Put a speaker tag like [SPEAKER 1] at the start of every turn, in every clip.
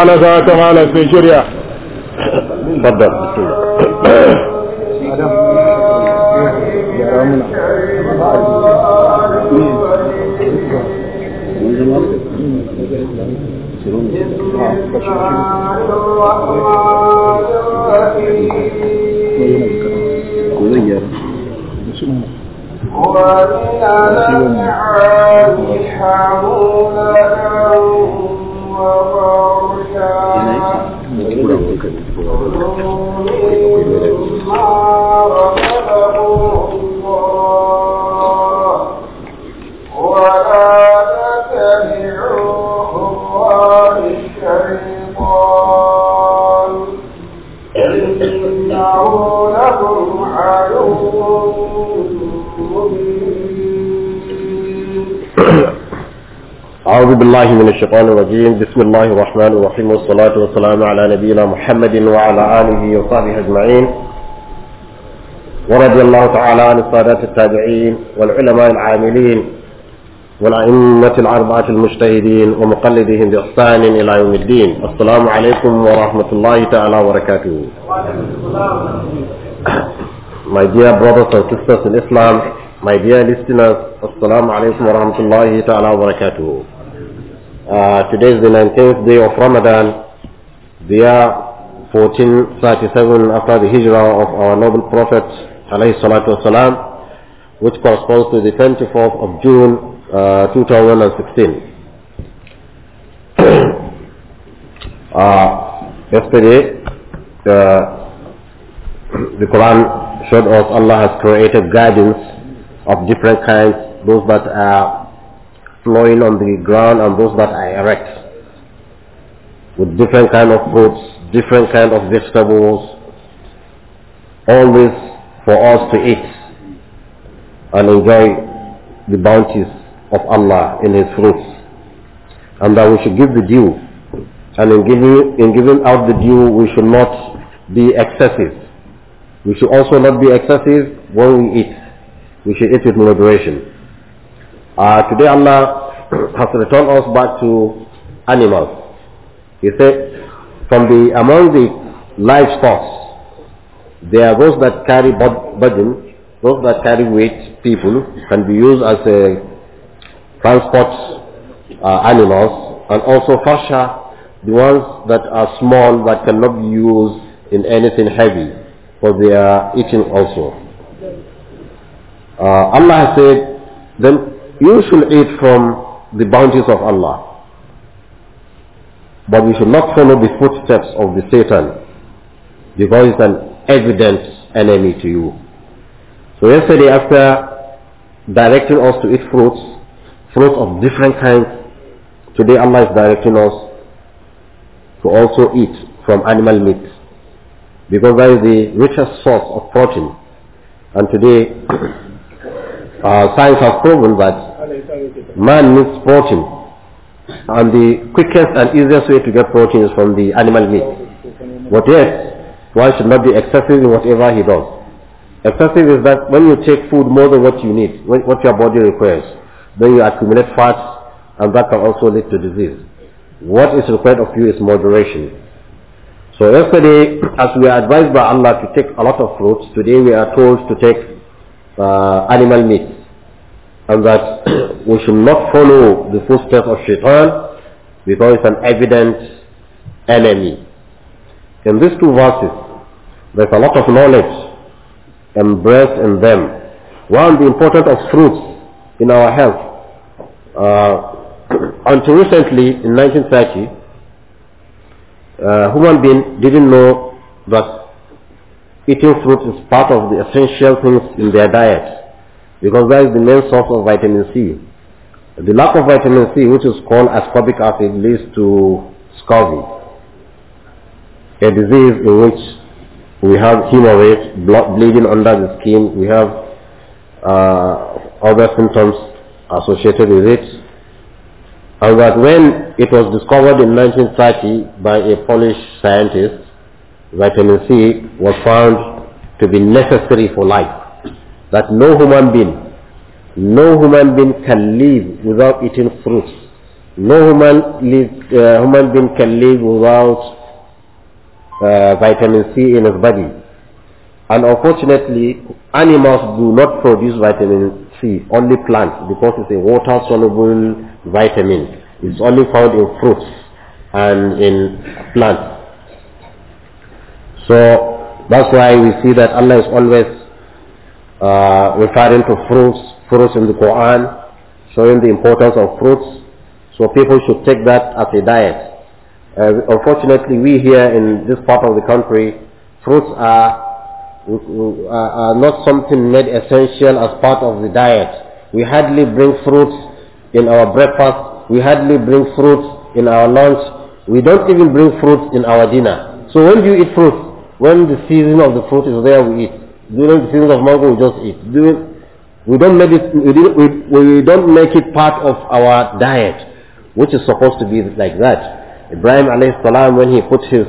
[SPEAKER 1] على ذاك ما لا شريعة تفضل ومن
[SPEAKER 2] على العاد حمولا akwai akwai
[SPEAKER 1] أعوذ بالله من الشيطان الرجيم بسم الله الرحمن الرحيم والصلاة والسلام على نبينا محمد وعلى آله وصحبه أجمعين ورضي الله تعالى عن السادات التابعين والعلماء العاملين والأئمة الأربعة المجتهدين ومقلدهم بإحسان إلى يوم الدين السلام عليكم ورحمة الله تعالى وبركاته My dear brothers and sisters in Islam, my dear listeners, Assalamu alaikum wa rahmatullahi ta'ala wa barakatuhu. Uh, today is the 19th day of Ramadan, the year 1437 after the hijrah of our noble Prophet alayhi salatu wasalam, which corresponds to the 24th of June uh, 2016. uh, yesterday, the Quran showed us Allah has created gardens of different kinds, those that are flowing on the ground and those that are erect with different kind of fruits, different kind of vegetables, all this for us to eat and enjoy the bounties of Allah in His fruits. And that we should give the due. And in giving, in giving out the due, we should not be excessive. We should also not be excessive when we eat. We should eat with moderation. Uh, today Allah has returned us back to animals. He said, from the among the livestock, there are those that carry burden, those that carry weight, people can be used as a uh, transport uh, animals, and also fasha, the ones that are small that cannot be used in anything heavy, for they are eating also. Uh, Allah has said, then you should eat from the bounties of Allah. But you should not follow the footsteps of the Satan because is an evident enemy to you. So yesterday after directing us to eat fruits, fruits of different kinds, today Allah is directing us to also eat from animal meat because that is the richest source of protein. And today uh, science has proven that man needs protein. And the quickest and easiest way to get protein is from the animal meat. But yet, one should not be excessive in whatever he does. Excessive is that when you take food more than what you need, what your body requires, then you accumulate fats and that can also lead to disease. What is required of you is moderation. So yesterday, as we are advised by Allah to take a lot of fruits, today we are told to take uh, animal meat and that we should not follow the footsteps of shaitan because it's an evident enemy. In these two verses, there's a lot of knowledge embraced in them. One, the importance of fruits in our health. Uh, until recently, in 1930, uh, human being didn't know that eating fruits is part of the essential things in their diet because that is the main source of vitamin C. The lack of vitamin C, which is called ascorbic acid, leads to scurvy, a disease in which we have hemorrhage, blood bleeding under the skin, we have uh, other symptoms associated with it. And that when it was discovered in 1930 by a Polish scientist, vitamin C was found to be necessary for life that no human being, no human being can live without eating fruits. No human, live, uh, human being can live without uh, vitamin C in his body. And unfortunately, animals do not produce vitamin C, only plants, because it's a water-soluble vitamin. It's only found in fruits and in plants. So that's why we see that Allah is always uh, referring to fruits, fruits in the Quran, showing the importance of fruits. So people should take that as a diet. Uh, unfortunately, we here in this part of the country, fruits are, uh, are not something made essential as part of the diet. We hardly bring fruits in our breakfast. We hardly bring fruits in our lunch. We don't even bring fruits in our dinner. So when do you eat fruits? When the season of the fruit is there, we eat. During the season of mango, we just eat. During, we don't make it, we, we, we don't make it part of our diet, which is supposed to be like that. Ibrahim alayhi salam, when he put his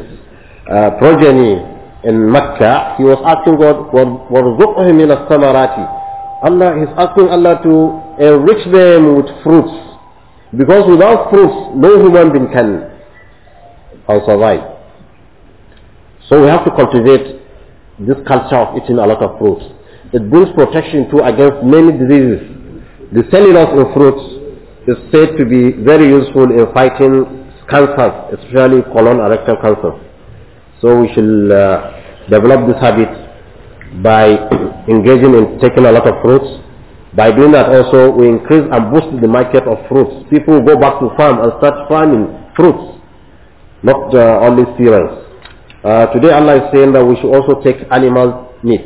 [SPEAKER 1] uh, progeny in Mecca, he was asking God, وَرْزُقْهِمْ مِنَ الثَّمَرَاتِ Allah, he's asking Allah to enrich them with fruits. Because without fruits, no human being can survive. So we have to cultivate this culture of eating a lot of fruits. It brings protection too against many diseases. The cellulose in fruits is said to be very useful in fighting cancers, especially colon and rectal cancer. So we should uh, develop this habit by engaging in taking a lot of fruits. By doing that also, we increase and boost the market of fruits. People go back to farm and start farming fruits, not uh, only cereals. Uh, today Allah is saying that we should also take animal meat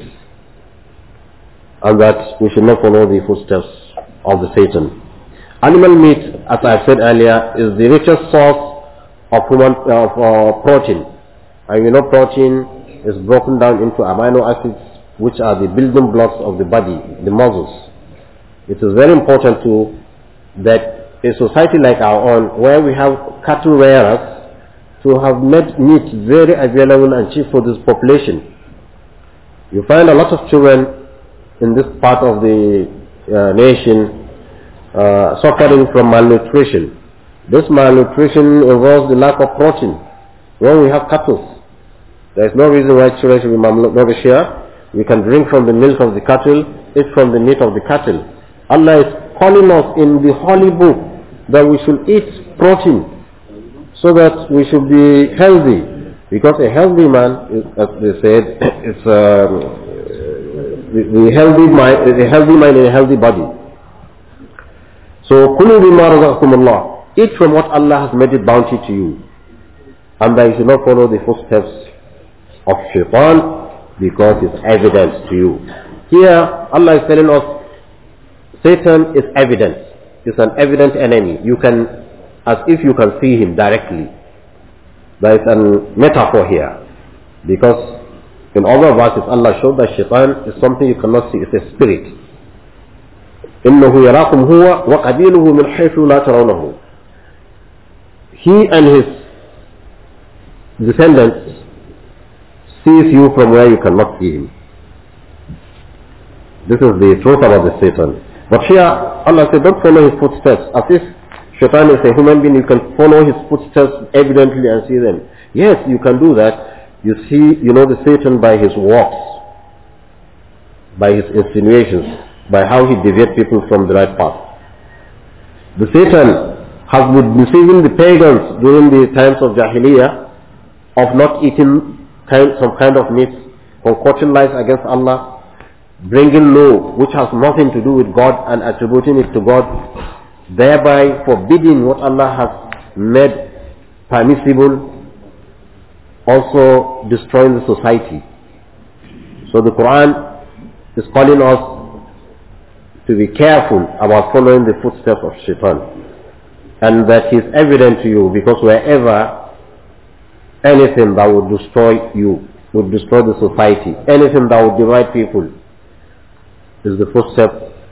[SPEAKER 1] and that we should not follow the footsteps of the Satan. Animal meat, as I said earlier, is the richest source of human of uh, protein. And you know protein is broken down into amino acids which are the building blocks of the body, the muscles. It is very important to that a society like our own where we have cattle rearers to have made meat very available and cheap for this population. You find a lot of children in this part of the uh, nation uh, suffering from malnutrition. This malnutrition involves the lack of protein. When we have cattle, there is no reason why children should be malnourished here. We can drink from the milk of the cattle, eat from the meat of the cattle. Allah is calling us in the holy book that we should eat protein so that we should be healthy. Because a healthy man, as they said, it's um, the, healthy mind, a healthy mind and a healthy body. So, كُلُوا بِمَا رَزَقَكُمُ اللَّهُ Eat from what Allah has made it bounty to you. And that you should not follow the footsteps of shaitan because it's evidence to you. Here, Allah is telling us Satan is evidence. He's an evident enemy. You can as if you can see him directly. There is a metaphor here because in other verses Allah showed that shaitan is something you cannot see, it's a spirit. إنه يراكم هو وقبيله من حيث لا ترونه. He and his descendants sees you from where you cannot see him. This is the truth about the Satan. But here Allah said, don't follow his footsteps as if Shaitan is a human being, you can follow his footsteps evidently and see them. Yes, you can do that. You see, you know the Satan by his walks, by his insinuations, by how he deviates people from the right path. The Satan has been deceiving the pagans during the times of Jahiliyyah of not eating kind, some kind of meat, concocting lies against Allah, bringing law which has nothing to do with God and attributing it to God, thereby forbidding what Allah has made permissible, also destroying the society. So the Quran is calling us to be careful about following the footsteps of shaitan. And that is evident to you because wherever anything that would destroy you, would destroy the society, anything that would divide people is the footstep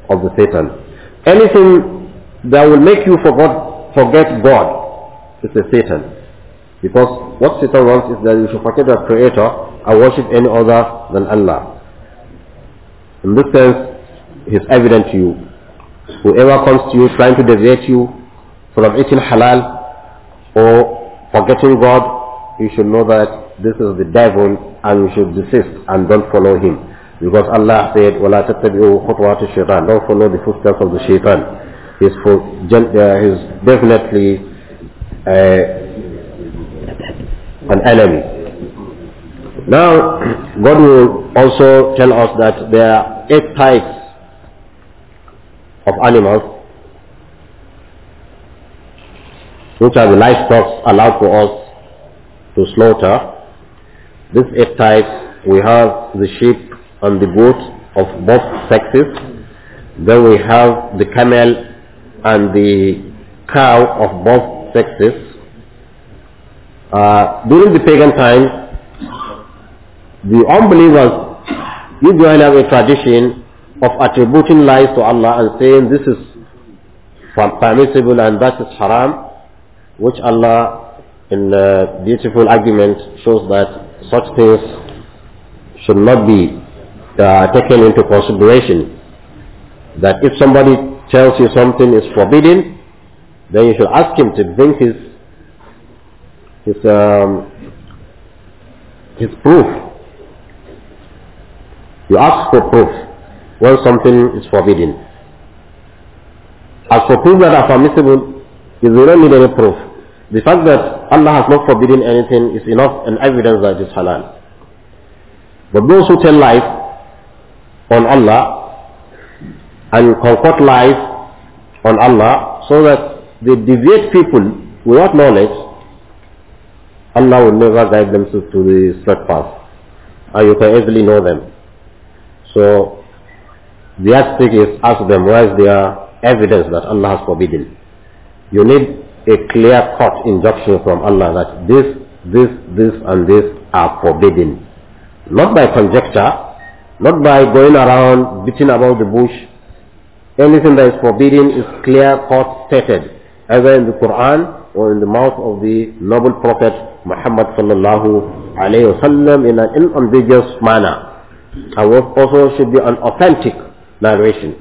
[SPEAKER 1] of the Satan. Anything that will make you forget God It's a Satan. Because what Satan wants is that you should forget your Creator and worship any other than Allah. In this sense, it is evident to you. Whoever comes to you trying to deviate you from eating halal or forgetting God, you should know that this is the devil and you should desist and don't follow him. Because Allah said, وَلَا تَتَّبِعُوا خُطْوَاتِ الشَّيْطَانِ Don't follow the footsteps of the shaitan he's, for, uh, he's definitely uh, an enemy. Now, God will also tell us that there are eight types of animals which are the livestock allowed for us to slaughter. These eight types, we have the sheep and the goat of both sexes. Then we have the camel and the cow of both sexes. Uh, during the pagan times, the unbelievers did join a tradition of attributing lies to Allah and saying this is permissible and that is haram, which Allah in a beautiful argument shows that such things should not be uh, taken into consideration. That if somebody tells you something is forbidden, then you should ask him to bring his his um, his proof. You ask for proof when something is forbidden. As for things that are permissible, you do not need any proof. The fact that Allah has not forbidden anything is enough and evidence that it is halal. But those who tell lies on Allah and concord lies on Allah so that the deviate people without knowledge, Allah will never guide them to the straight path. And you can easily know them. So the aspect is ask them where is their evidence that Allah has forbidden. You need a clear cut injunction from Allah that this, this, this and this are forbidden. Not by conjecture, not by going around beating about the bush, Anything that is forbidden is clear cut stated, either in the Quran or in the mouth of the noble prophet Muhammad sallallahu alayhi wasallam in an unambiguous manner. And what also should be an authentic narration.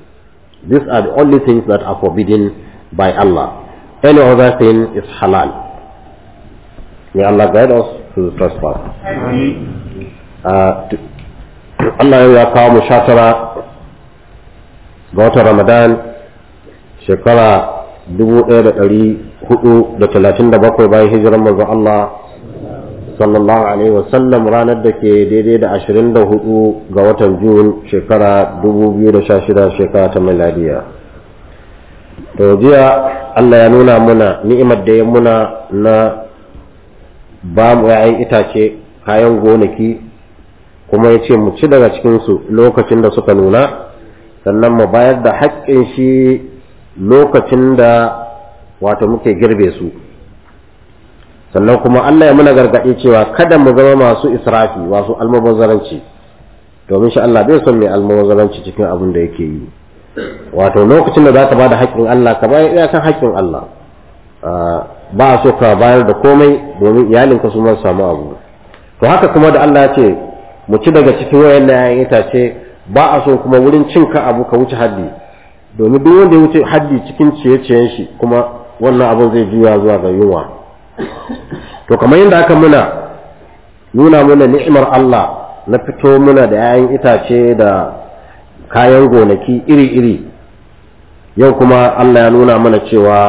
[SPEAKER 1] These are the only things that are forbidden by Allah. Any other thing is halal. May Allah guide us to the first part. Uh, to, Allah ga watan ramadan shekara 1437 bayan hijirar manzon Allah sallallahu alaihi wasallam ranar da ke daidai da 24 ga watan jun shekara 2016 shekara ta miladiya to jiya Allah ya nuna muna ni'imar da ya muna na ba mu yayin itace kayan gonaki kuma ya ce mu ci daga cikinsu lokacin da suka nuna sannan mu bayar da haƙƙin shi lokacin da wato muke girbe su sannan kuma Allah ya muna gargaɗe cewa kada mu zama masu israfi wasu almubazzaranci domin shi Allah bai son mai almubazzaranci cikin abin da yake yi wato lokacin da za ka bada haƙƙin Allah ka bayar iyakan haƙƙin Allah ah, ba a so ka bayar da komai domin iyalinka su samu abu to haka kuma da Allah ya ce mu ci daga cikin wayannan 'ya'yan itace ba a so kuma wurin cin ka abu ka wuce haddi domin duk wanda ya wuce haddi cikin ciye-ciyen shi kuma wannan abun zai juya zuwa ga yunwa to kamar yadda aka muna nuna muna ni'imar Allah na fito muna da 'ya'yan itace da kayan gonaki iri-iri yau kuma Allah ya nuna mana cewa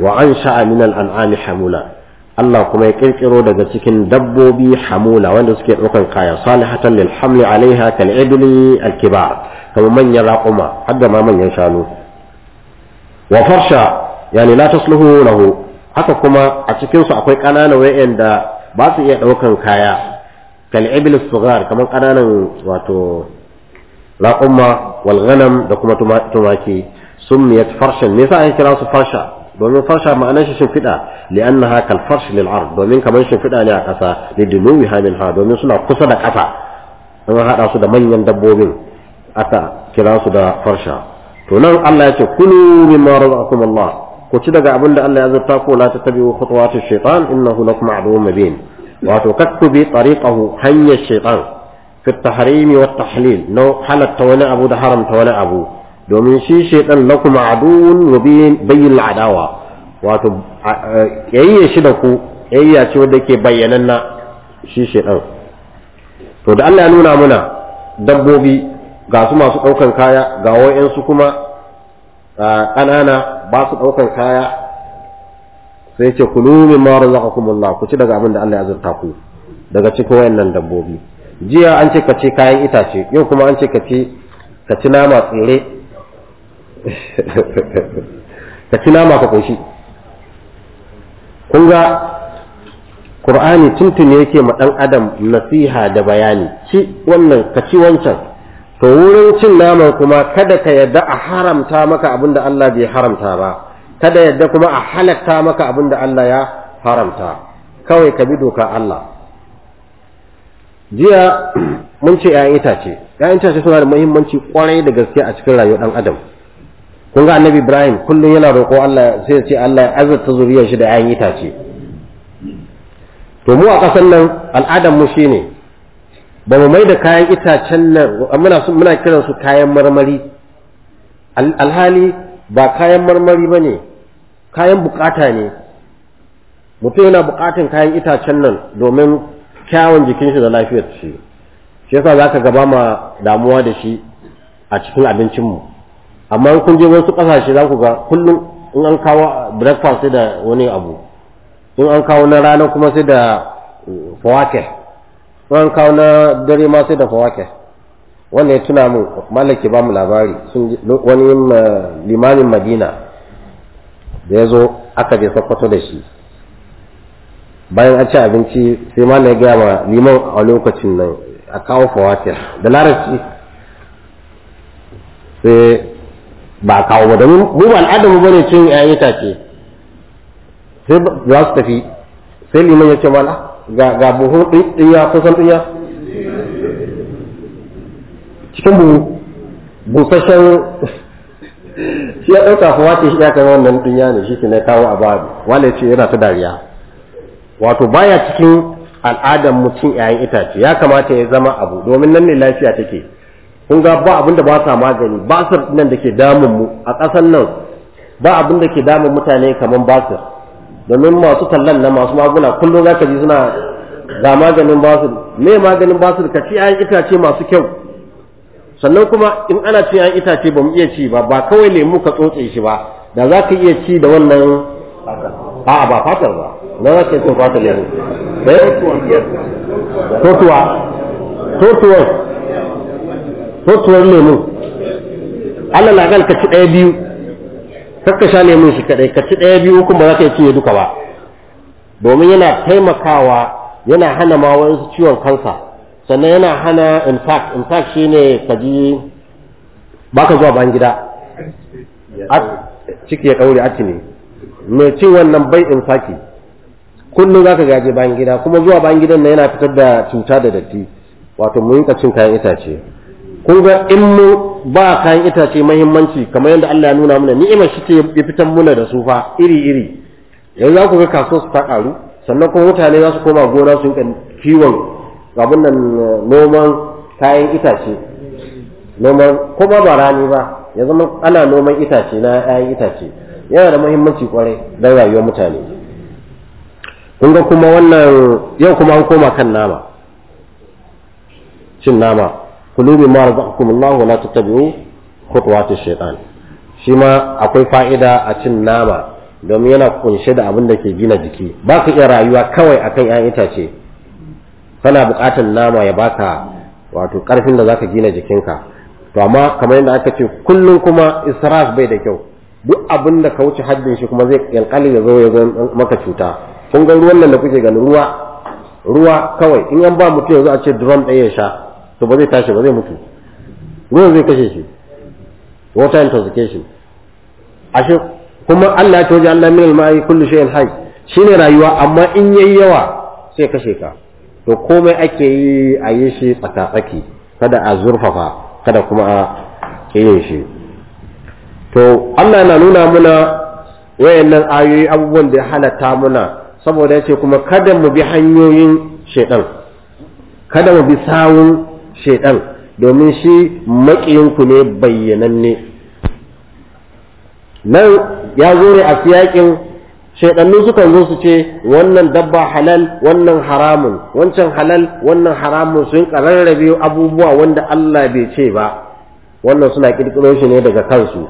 [SPEAKER 1] wa an sha'a minal an'ami hamula Allah kuma ya kirkiro daga cikin dabbobi hamula wanda suke ɗaukan kaya salihatan lil hamli alaiha kal ibli al kibar kamar manyan raƙuma har da ma manyan shanu wa farsha yani la tasluhu lahu haka kuma a cikin su akwai ƙananan wayanda ba su iya ɗaukan kaya kal ibli sughar kamar ƙananan wato raƙuma wal ghanam da kuma tumaki summiyat farshan me yasa an kira su farsha domin farsha ma'anar shi shimfiɗa li'annaha kal farsh lil ard domin kamar shimfiɗa ne a ƙasa liduluwi hamin ha domin suna kusa da ƙasa an haɗa su da manyan dabbobin aka kira su da farsha to nan Allah ya ce kulu mimma razaqakum Allah ku ci daga abin da Allah ya zarta ku la tattabi'u khutuwati shaytan innahu lakum aduwwun mubin wato kakkubi tariqahu hanyar shaytan fi at-tahrim wa at-tahlil no halatta wani abu da haramta wani abu domin shi shaitan lakum aduun wa bayyil adawa wato yayye shi da ku yayya ce wanda ke bayyananna shi shaitan to da Allah ya nuna muna dabbobi ga su masu daukan kaya ga wayansu kuma ƙanana ba su daukan kaya sai ce kulu mimma razaqakumullah ku ci daga abin da Allah ya zurta ku daga cikin wayannan dabbobi jiya an ce ka ci kayan itace yau kuma an ce ka ci ci nama tsire ka ci nama ka ƙunshi Kunga ga ƙur'ani tuntun yake ma ɗan adam nasiha da bayani ci wannan ka ci wancan to wurin cin naman kuma kada ka yadda a haramta maka abin da Allah bai haramta ba kada yadda kuma a halatta maka abin da Allah ya haramta kawai ka bi doka Allah jiya mun ce ‘ya'yan itace ‘ya'yan itace suna da muhimmanci kwarai da gaske a cikin rayuwar ɗan adam kun ga annabi ibrahim kullum yana roƙo allah sai ce allah ya azurta zuriyar shi da 'ya'yan itace to mu a ƙasar nan al'adar mu shine ba mu mai da kayan itacen nan muna muna kiran su kayan marmari alhali ba kayan marmari ba ne kayan bukata ne mutum yana bukatan kayan itacen nan domin kyawun jikin shi da lafiyar shi shi yasa zaka gaba ma damuwa da shi a cikin abincinmu amma kun je wasu kasashe za ku ga kullum in an kawo breakfast sai da wani abu in an kawo na rana kuma sai da eh, fawake in an kawo na dare ma sai da fawake wannan ya tuna mu malaki ba mu labari wani limamin madina da ya zo aka je sokoto da shi bayan an ci abinci sai ma na gaya ma liman a lokacin nan a kawo fawatir da larabci sai ba kawo ba domin mu ba al'adamu bane cin ƴaƴan itace sai za su tafi sai liman ya ce mana ga ga buhu ɗiya kusan ɗiya cikin buhu busasshen shi ya ɗauka kuma ce shi ya kai wannan ɗiya ne shi ke na kawo a babu wale ce yana ta dariya wato baya cikin al'adar mu cin ƴaƴan itace ya kamata ya zama abu domin nan ne lafiya take kun ga ba abin da ba sa magani basir nan da ke damun mu a ƙasan nan ba abin da ke damun mutane kamar basir domin masu tallan na masu maguna kullum za ka ji suna ga maganin basir me maganin basir ka ci ayan itace masu kyau sannan kuma in ana cin ayan itace ba mu iya ci ba ba kawai lemu ka tsotse shi ba da za ka iya ci da wannan a'a ba fatar ba na za ka yi cin fatar lemu
[SPEAKER 2] eh? totuwa totuwa
[SPEAKER 1] sotuwar lemu Allah na ka ci ɗaya biyu kakka sha lemun shi kaɗai ka ci ɗaya biyu kuma ba za ka yi cinye duka ba domin yana taimakawa yana hana ma wasu ciwon kansa sannan yana hana intact shi shine ka ji ka zuwa ban gida ciki ya ɗaure aci ne mai cin wannan bai infaki kullum za ka gaje bayan gida kuma zuwa bayan gidan na yana fitar da cuta da datti wato mu yi cin kayan itace kun ga in mu ba kayan itace mahimmanci kamar yadda Allah ya nuna mana ni'imar shi ce ya fitan muna da su fa iri iri yanzu za ku ga kasuwar su ta karu sannan kuma mutane za su koma gona su yi kiwon abin nan eh, noman kayan itace noman kuma ba rani ba ya zama ana noman itace na 'ya'yan itace yana da mahimmanci kwarai don rayuwar mutane kun ga kuma wannan yau kuma an koma kan nama cin nama kulu mimma razaqakumullahu wa la tattabi'u khutuwatish shaytan shi ma akwai fa'ida a cin nama domin yana kunshe da abin da ke gina jiki ba ka iya rayuwa kawai akan 'ya'yan itace kana buƙatar nama ya baka wato ƙarfin da zaka gina jikinka to amma kamar yadda aka ce kullum kuma israf bai da kyau duk abin da ka wuce haddin shi kuma zai kalkali ya zo ya zo maka cuta kun ga ruwan nan da kuke ganin ruwa ruwa kawai in an ba mutum yanzu a ce drum ɗaya ya sha to ba zai tashi ba zai mutu ruwan zai kashe shi water intoxication ashe kuma Allah ya toje Allah min al-ma'i kullu shay'in hayy shine rayuwa amma in yayi yawa sai kashe ka to komai ake yi a yi shi tsakatsaki kada a zurfafa kada kuma a kiyaye shi to Allah na nuna muna wayannan ayoyi abubuwan da ya halatta muna saboda yace kuma kada mu bi hanyoyin shaidan kada mu bi sawun shaidan domin shi maƙiyinku ne bayyananne nan ya zo ne a siyakin shaidannu sukan zo su ce wannan dabba halal wannan haramun wancan halal wannan haramun sun kararrabe abubuwa wanda Allah bai ce ba wannan suna kirkiro shi ne daga kansu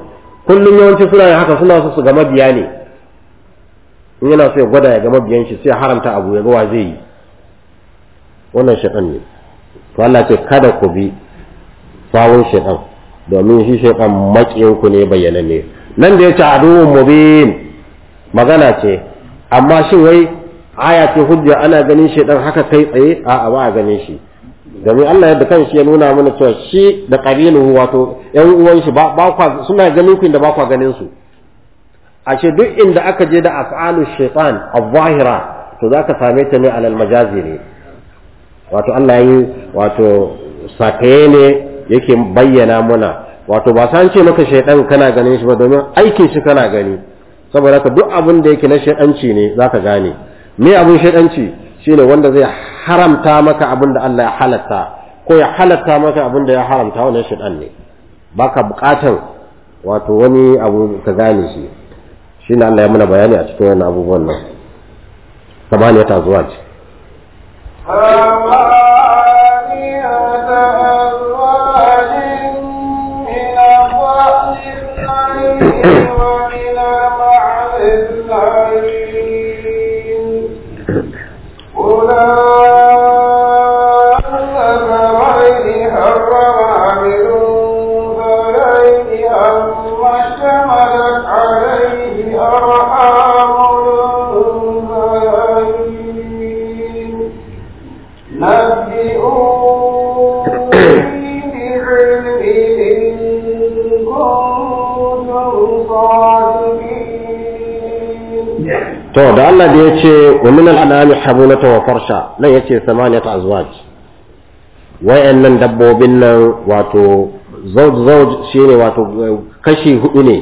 [SPEAKER 1] kullum yawanci suna haka suna so su ga mabiya ne in yana so ya gwada ya ga mabiyan shi sai haramta abu ya ga wa zai yi wannan shaɗan ne to Allah ce kada ku bi sawun shaytan domin shi shaytan makiyin ku ne bayyana ne nan da ya yace aduwwun mubin magana ce amma shin wai aya ce hujja ana ganin shaytan haka kai tsaye a'a ba a ganin shi domin Allah yadda kanshi ya nuna mana cewa shi da qabiluhu wato ƴan uwan shi ba suna ganin ku inda ba kwa ganin su ashe duk inda aka je da af'alu shaitan al-zahira to zaka same ta ne alal majazi ne wato Allah yi wato sakaye ne yake bayyana muna wato ba san ce maka shaidan kana ganin shi ba domin aikin shi kana gani saboda ka duk abin da yake na shaidanci ne zaka gane me abin shaidanci shine wanda zai haramta maka abin da Allah ya halatta ko ya halatta maka abin da ya haramta wannan shaidan ne baka bukatan wato wani abu ka gane shi shine Allah ya muna bayani a cikin wannan abubuwan nan kamar ya ta zuwa ce
[SPEAKER 2] Oh to da Allah da yace wa min al-anami
[SPEAKER 1] habulata wa farsha nan yace samaniyat azwaj nan dabbobin nan wato zawj zawj shine wato kashi hudu ne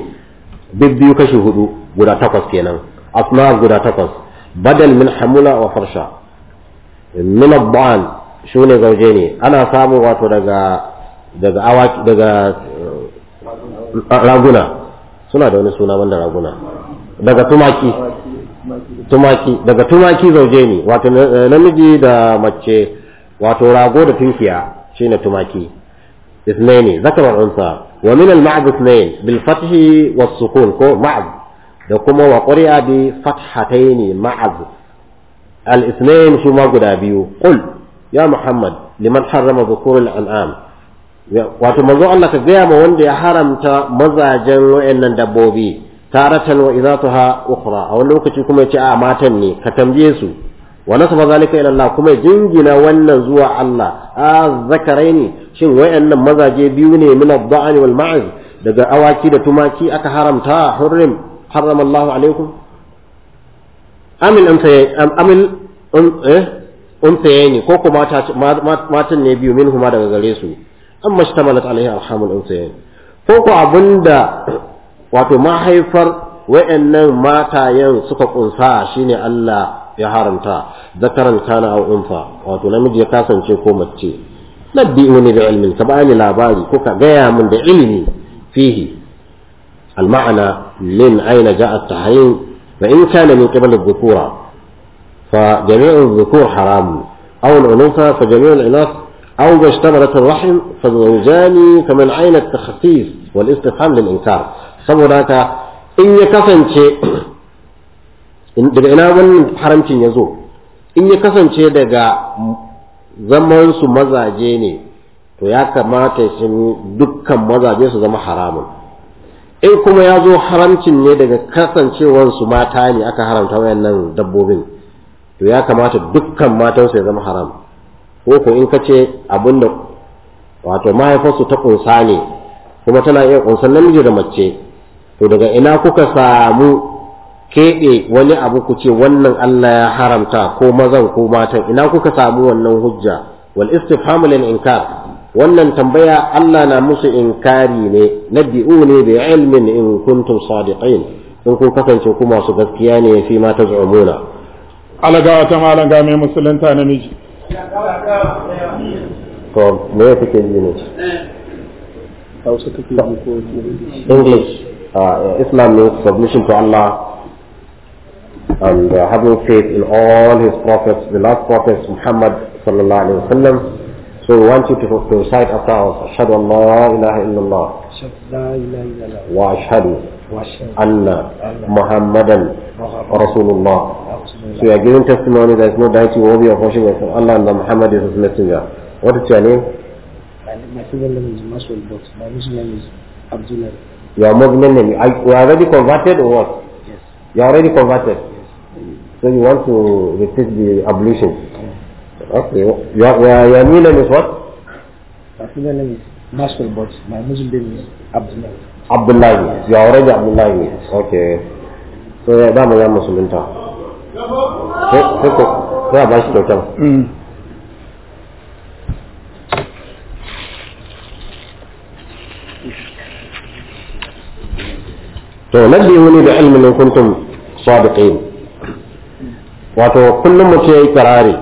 [SPEAKER 1] bibbiyu kashi hudu guda takwas kenan asma guda takwas badal min hamula wa farsha min al-ba'an shine zauje ne ana samu wato daga daga awaki daga raguna suna da wani suna banda raguna daga tumaki tumaki daga tumaki zauje ne eh, namiji da mace wato rago da tunkiya shine tumaki isnaini zakar unsa wa min al ma'd isnain bil sukun ko ma'd da kuma wa qari'a bi fathatayn ma'd al isnain shi guda biyu qul ya muhammad liman harrama dhukur al an'am wato manzo Allah ka gaya ma wanda ya haramta mazajen wayannan dabbobi taratan wa idatuha ukhra a wani lokaci kuma ya ce a matan ne ka tambaye su wa nasaba zalika ila Allah kuma jingina wannan zuwa Allah a zakaraini shin wayannan mazaje biyu ne min ad-da'ani wal ma'az daga awaki da tumaki aka haramta hurrim harrama Allah alaikum amin amin eh unsayani ko kuma matan ne biyu min huma daga gare su amma shtamalat alaihi arhamul unsayani ko ko abinda wato mahaifar wa'annan matayen suka kunsa shine Allah ya haramta zakaran kana aw unfa wato namiji ya kasance ko mace nabbi'uni bi ilmin ka bani labari ko ka gaya mun da ilmi fihi min min aina tahrim wa in kana المعنى من أين dhukur haram aw al-unfa fa jami'u al الذكور aw أو الأنوثة فجميع الإناث أو ما اشتملت الرحم at-takhfif wal-istifham lil-inkar saboda haka in ya kasance daga ina wannan haramcin ya zo in ya kasance daga zaman su mazaje ne to ya kamata shi dukkan mazaje su zama haramun in kuma ya zo haramcin ne daga kasancewar su mata ne aka haramta wayannan dabbobin to ya kamata dukkan su ya zama haram ko ko in kace da wato mahaifarsu ta kunsa ne kuma tana iya kunsan namiji da mace to daga ina kuka samu keɓe wani abu ku ce wannan Allah ya haramta ko mazan ko matan ina kuka samu wannan hujja wal istifhamu lil inkar wannan tambaya Allah na musu inkari ne nabi'uni bi ilmin in kuntum sadiqin in kun kasance ku masu gaskiya ne fi ma taz'umuna
[SPEAKER 2] alagawa ta malan ga mai musulunta
[SPEAKER 1] namiji to me kake yi ne
[SPEAKER 2] kake ko
[SPEAKER 1] English uh, Islam means submission to Allah and uh, having faith in all his prophets, the last prophet Muhammad sallallahu alaihi wasallam. So we want you to, to recite after us, أشهد أن لا
[SPEAKER 2] إله إلا الله وأشهد أن محمدا رسول الله So you are giving testimony there is no deity worthy of worship except Allah and Muhammad is his messenger. What is your name? My, my name is Maswell Box. My name is Abdullah.
[SPEAKER 1] You are Muslim and you already converted or what? Yes. You are already converted. Yes. So you want to repeat the ablution. Okay. Your, your, your new name is what?
[SPEAKER 2] My female name is Master, but my Muslim name is Abdullah. Abdullah. Yes.
[SPEAKER 1] You are already Abdullah. Yes. Okay. So that my Muslim ta.
[SPEAKER 2] Okay. a ba shi
[SPEAKER 1] kyautan. to nabbihuni bi ilmin in kuntum sadiqin wato kullum mu ce kirari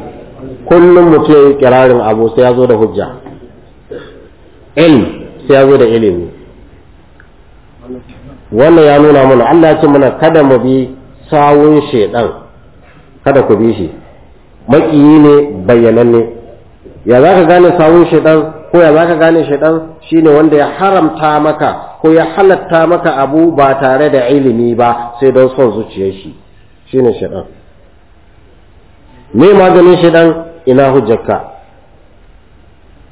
[SPEAKER 1] kullum mu ce kirarin abu sai ya da hujja ilm sai ya da ilimi wannan ya nuna mana Allah ya ce mana kada mu bi sawun shedan kada ku bi shi makiyi ne bayyananne ya za ka gane sawun shaidan ko ya za ka gane shaidan shine wanda ya haramta maka ko ya halatta maka abu ba tare da ilimi ba sai don son zuciyar shi shine shaɗan. me maganin shaɗan ina hujjarka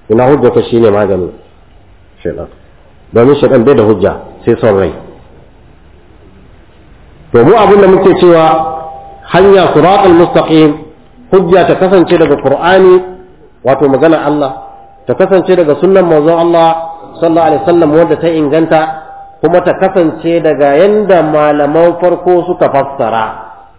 [SPEAKER 1] ina hujjarka shine maganin shaɗan? domin shaɗan bai da hujja sai son rai to mu abin da muke cewa hanya suratul mustaqim hujja ta kasance daga qur'ani wato magana Allah ta kasance daga sunnan manzon Allah sallallahu alaihi wasallam wanda ta inganta kuma ta kasance daga yanda malaman farko suka fassara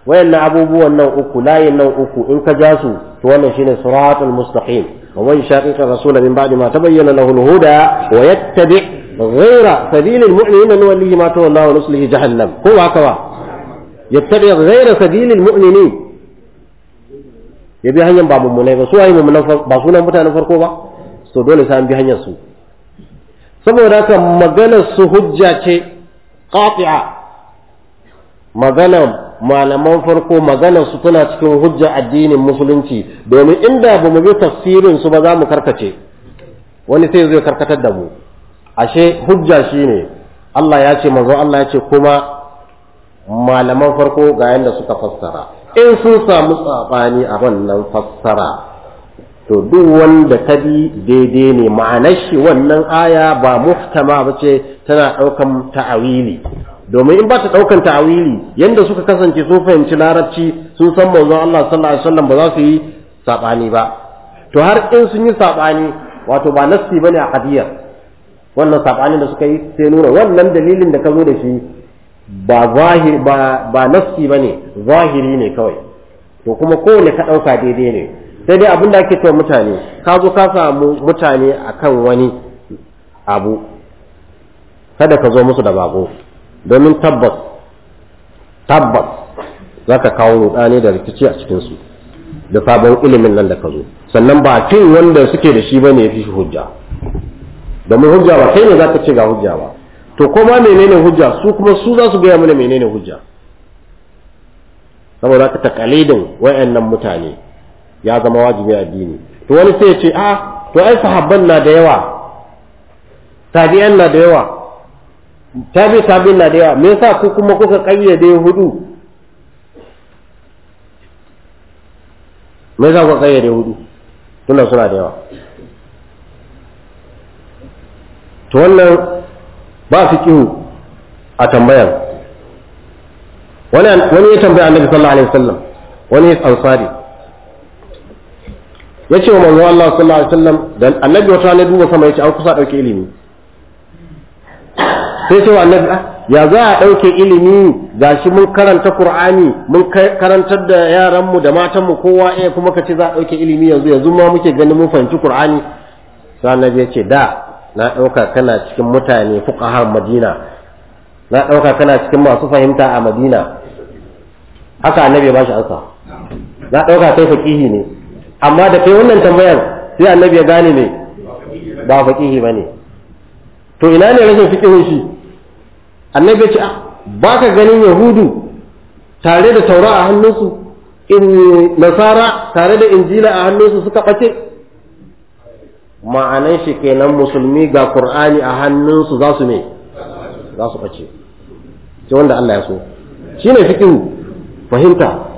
[SPEAKER 1] wayannan abubuwan nan uku layin nan uku in ka ja su to wannan shine siratul mustaqim wa man shaqiqa rasul min ba'di ma tabayyana lahu al-huda wa yattabi' غير سبيل المؤمنين نوليه ما تولى ونصله جهنم هو هكذا يتبع غير سبيل المؤمنين ya bi hanyar ba mummunai ba su waye mummunan ba sunan mutanen farko ba so dole sai an bi hanyar su saboda haka maganar su hujja ce qati'a maganar malaman farko maganar su tana cikin hujja addinin musulunci domin inda ba mu bi tafsirin su ba za mu karkace wani sai zai karkatar da mu ashe hujja shine Allah ya ce manzo Allah ya ce kuma malaman farko ga yanda suka fassara in sun samu tsabani a wannan fassara to duk wanda ta bi daidai ne ma'anar shi wannan aya ba muftama ba ce tana ɗaukan ta'awili domin in ba ta ɗaukan ta'awili yanda suka kasance sun fahimci larabci sun san manzon Allah sallallahu alaihi wasallam ba za su yi sabani ba to har in sun yi sabani wato ba nassi bane a hadiyar wannan sabani da suka yi sai nuna wannan dalilin da ka zo da shi ba zahiri ba ba bane zahiri ne kawai to kuma kowane ka ɗauka daidai ne sai dai abin da ake cewa mutane ka zo ka samu mutane akan wani abu kada ka zo musu da bako domin tabbas tabbas za ka kawo rudani da rikici a cikinsu da sabon ilimin nan da ka zo sannan ba cin wanda suke da shi ba ne ya fi hujja domin hujja ba kai ne za ka ce ga hujja ba to ko ma menene hujja su kuma su za su gaya mana menene hujja saboda ka takalidin wayannan mutane ya zama wajibi addini to wani sai ya ce a ah, to ai sahabban na da yawa tabi'an na da yawa tabi tabi na da yawa me yasa ku kuma kuka kayyade hudu me yasa ku kayyade hudu tunda suna da yawa to wannan ba su kihu a tambayan wani ya tambaya annabi sallallahu alaihi wasallam wani ansari ya ce wa manzo Allah sallallahu alaihi wasallam dan annabi wata ne duba sama yace an kusa dauke ilimi sai ce wa annabi ah, ya za a dauke ilimi gashi mun karanta qur'ani mun karantar da yaran mu da matan mu kowa eh kuma kace za a dauke ilimi yanzu yanzu ma muke ganin mun fahimci qur'ani sai annabi ya ce da na dauka kana cikin mutane fuqaha Madina na dauka kana cikin masu fahimta a Madina haka annabi ya bashi ansa na dauka kai faqihi ne amma da kai wannan tambayan sai annabi ya gane ne ba faqihi bane to ina ne rashin fiqhin shi annabi ya ce ah, ba ka ganin yahudu tare da taura a hannunsu nasara tare da injila a hannunsu suka ɓace ma'anan shi kenan musulmi ga qur'ani a hannunsu za su ne za su ɓace ce wanda Allah ya so shine fikin fahimta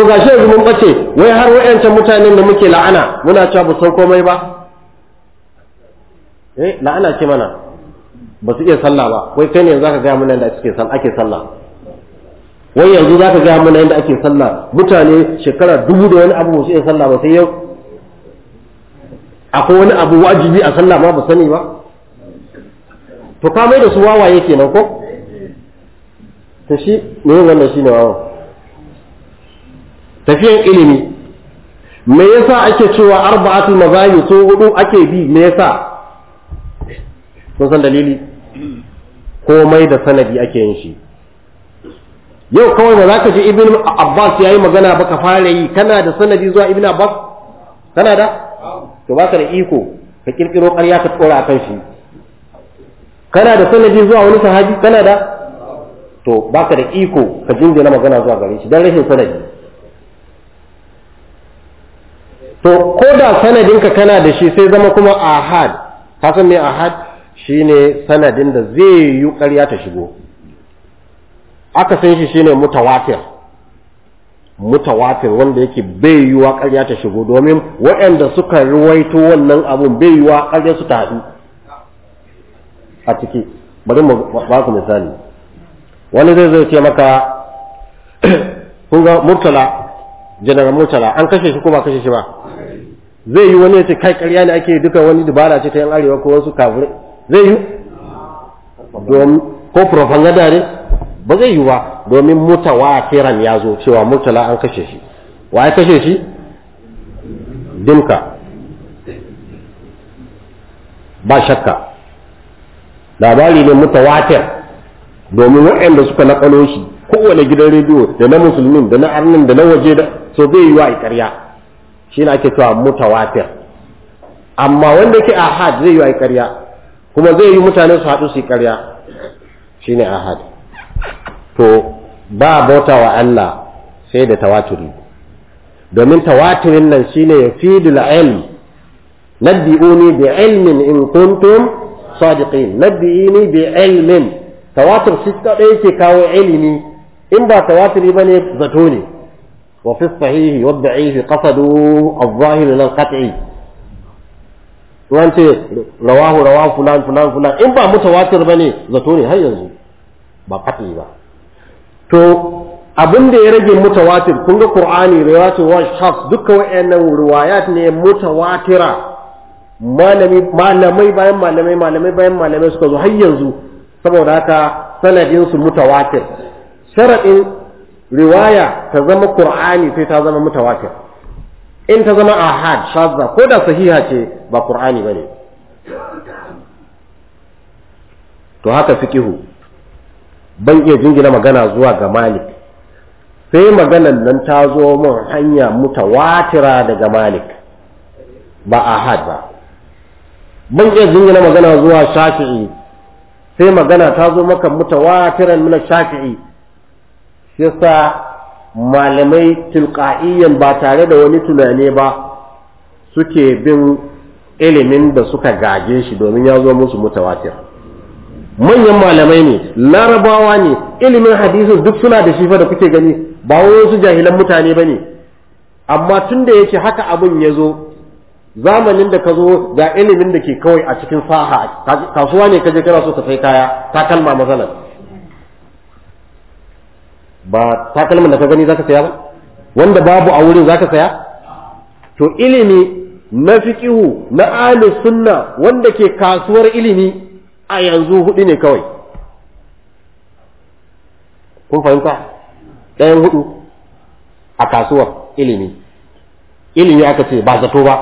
[SPEAKER 1] to ga shi mun bace wai har wayancan mutanen da muke la'ana muna cewa ba san komai ba eh la'ana ce mana ba su iya sallah ba wai kai ne yanzu zaka gaya mana yadda suke ake sallah wai yanzu zaka gaya mana yadda ake sallah mutane shekara dubu da wani abu ba su iya sallah ba sai yau akwai wani abu wajibi a sallah ma ba sani ba to ka mai da su wawaye kenan ko to shi ne wannan shine wawa tafiyan ilimi me yasa ake cewa arba'atul mazani so hudu ake bi me yasa kun san dalili komai da sanadi ake yin shi yau kawai ba za ka ji ibn abbas ya yi magana ba ka fara yi kana da sanadi zuwa ibn abbas kana da to ba ka da iko ka kirkiro ƙarya ka tsora akan shi kana da sanadi zuwa wani sahabi kana da to ba ka da iko ka jingina magana zuwa gare shi dan rashin sanadi to ko da sanadinka kana da shi sai zama kuma ahad ka san me ahad shine sanadin da zai yi ƙarya ta shigo aka san shi shine mutawatir mutawatir wanda yake bai yiwa ƙarya ta shigo domin waɗanda suka ruwaito wannan abun bai yiwa ƙarya su ta haɗu a ciki bari mu ba ku misali wani zai zai ce maka kun ga murtala janar murtala an kashe shi ko ba kashe shi ba zai yi wani ya ce kai karya ne ake duka wani dubara ce ta yan arewa ko wasu kafure zai yi ko propaganda ne ba zai yi ba domin kiran ya zo cewa murtala an kashe shi wa ya kashe shi dimka ba shakka labari ne mutawatir domin waɗanda suka naƙalo shi kowane gidan rediyo da na musulmin da na arnin da na waje da so zai yi wa a ƙarya shi ne ake cewa mutawatir amma wanda yake ahad zai yi wa a ƙarya kuma zai yi mutane su haɗu su yi ƙarya shi ne ahad to ba bauta wa Allah sai da tawaturi domin tawaturin nan shi ne ya shine dula ilm nabbi'uni bi ilmin in kuntum sadiqin nabbi'ini bi ilmin tawatur shi kaɗai yake kawo ilimi in ba tawatiri ba ne zato ne وفي الصحيح والضعيف قصدوا الظاهر الى القطعي wance rawahu rawahu fulan fulan fulan in ba mutawatir bane zato ne har yanzu ba qat'i ba to abin da ya rage mutawatir kun ga qur'ani riwayatu wa shaf dukkan wayannan riwayat ne mutawatira malami malamai bayan malamai malamai bayan malamai suka zo har yanzu saboda haka sanadin su mutawatir sharadin riwaya ta zama qur'ani sai ta zama mutawatir in ta zama ahad shazza ko da sahiha ce ba qur'ani bane to haka fiqihu ban iya jingina magana zuwa ga malik sai maganan nan ta zo mun hanya mutawatira daga malik ba ahad ba ban iya jingina magana zuwa shafi'i sai magana ta zo maka mutawatiran min shafi'i yasa malamai tilqa'iyan ba tare da wani tunani ba suke bin ilimin da suka gaje shi domin ya zo musu mutawatir manyan malamai ne larabawa ne ilimin hadisi duk suna da shi da kuke gani ba wasu jahilan mutane ba ne amma tun da yake haka abin ya zo zamanin da ka zo ga ilimin da ke kawai a cikin saha kasuwa ne ka je kana so ka sai kaya takalma matsalar ba takalmin da ka gani zaka saya ba wanda babu a wurin zaka saya to ilimi na fiqihu na ahli sunna wanda ke kasuwar ilimi a yanzu hudu ne kawai kun fahimta ɗayan hudu a kasuwar ilimi ilimi aka ce ba zato ba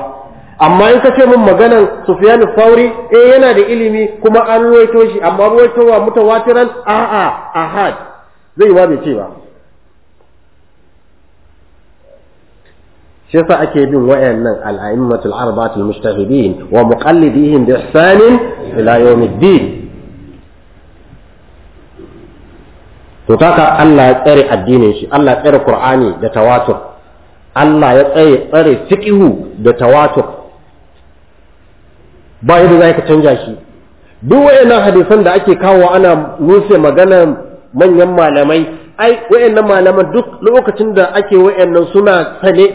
[SPEAKER 1] amma in ka ce min maganan Sufyan Sauri eh yana da ilimi kuma an ruwaito shi amma ruwaitowa mutawatiran a'a ahad zai ma bace ba shi yasa ake bin wayannan al-a'immatul arba'atul mujtahidin wa muqallidihim bi ihsanin ila yawmiddin to taka Allah ya tsare addinin shi Allah ya tsare Qur'ani da tawatur Allah ya tsare tsare fiqhu da tawatur ba yadda zai ka canja shi duk wayannan hadisan da ake kawo ana nufe maganar manyan malamai ai wayannan malaman duk lokacin da ake wayannan suna sane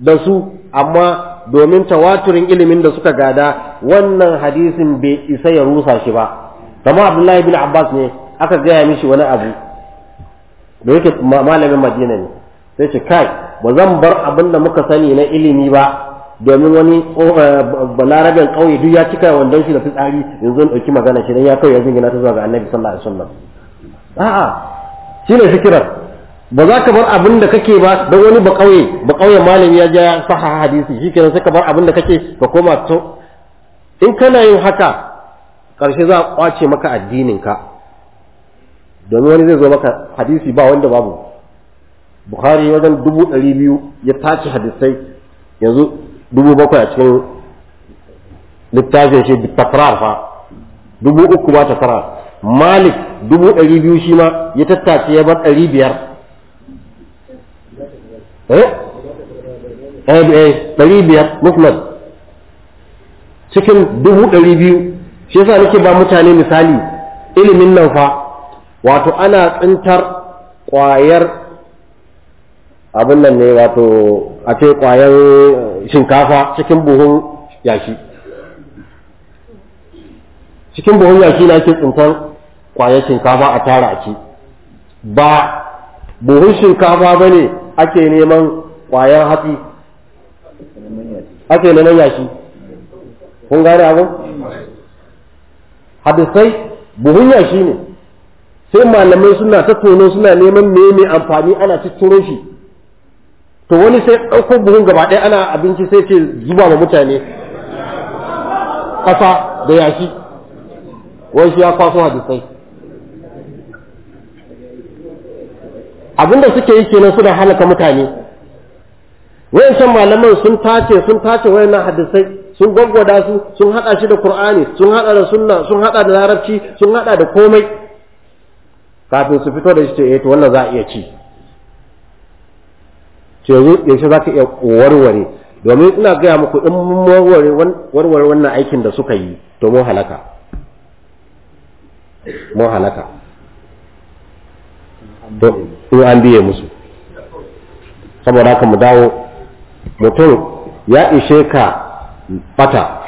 [SPEAKER 1] da su amma domin tawaturin ilimin da suka gada wannan hadisin bai isa ya rusa shi ba kamar abdullahi bin abbas ne aka gaya mishi wani abu da yake malamin madina ne sai ce kai ba zan bar abin da muka sani na ilimi ba domin wani oh, eh, balarabin ƙauye duk ya cika wandon shi da fitsari yanzu in ɗauki magana shi dan ya kawai ya zingina ta zuwa ga annabi sallallahu alaihi wasallam a'a shine fikirar ba za ka bar abin da kake ba da wani ba kauye ba kauye malami ya ja ya saha hadisi shikenan sai ka bar abin da kake ka koma to in kana yin haka karshe za a kwace maka addinin ka domin wani zai zo maka hadisi ba wanda babu bukhari wajen dubu ɗari biyu ya tace hadisai yanzu dubu bakwai a cikin littafin shi tafrar fa dubu uku ba tafrar malik dubu ɗari biyu shi ma ya tattace ya bar ɗari biyar eh? Eh, eh, ɗari biyar musnad cikin dubu ɗari biyu shi yasa nake ba mutane misali ilimin nan fa wato ana tsintar ƙwayar abin nan ne wato a ce ƙwayar shinkafa cikin buhun yashi cikin buhun yashi na ke tsintar kwayar shinkafa a tara a ci ba buhun shinkafa ba ne ake neman kwayar hatsi ake neman yashi kun gane abu hadisai buhun yashi ne sai malamai suna ta tono suna neman me mai amfani ana citturo shi to wani sai ɗauko buhun gaba ɗaya ana abinci sai ce zuba ma mutane ƙasa da yashi wani shi ya kwaso hadisai abinda suke yi kenan suna halaka mutane san malaman sun tace sun tace wayan hadisai sun gwaggwada su sun hada shi da qur'ani sun hada da sunna sun hada da larabci sun hada da komai kafin su fito da shi ce eh to wannan za a iya ci ce yanzu ya za ka iya warware domin ina gaya muku in mun warware wannan aikin da suka yi to mun halaka mun halaka in an biye musu saboda haka mu dawo mutum ya ishe ka bata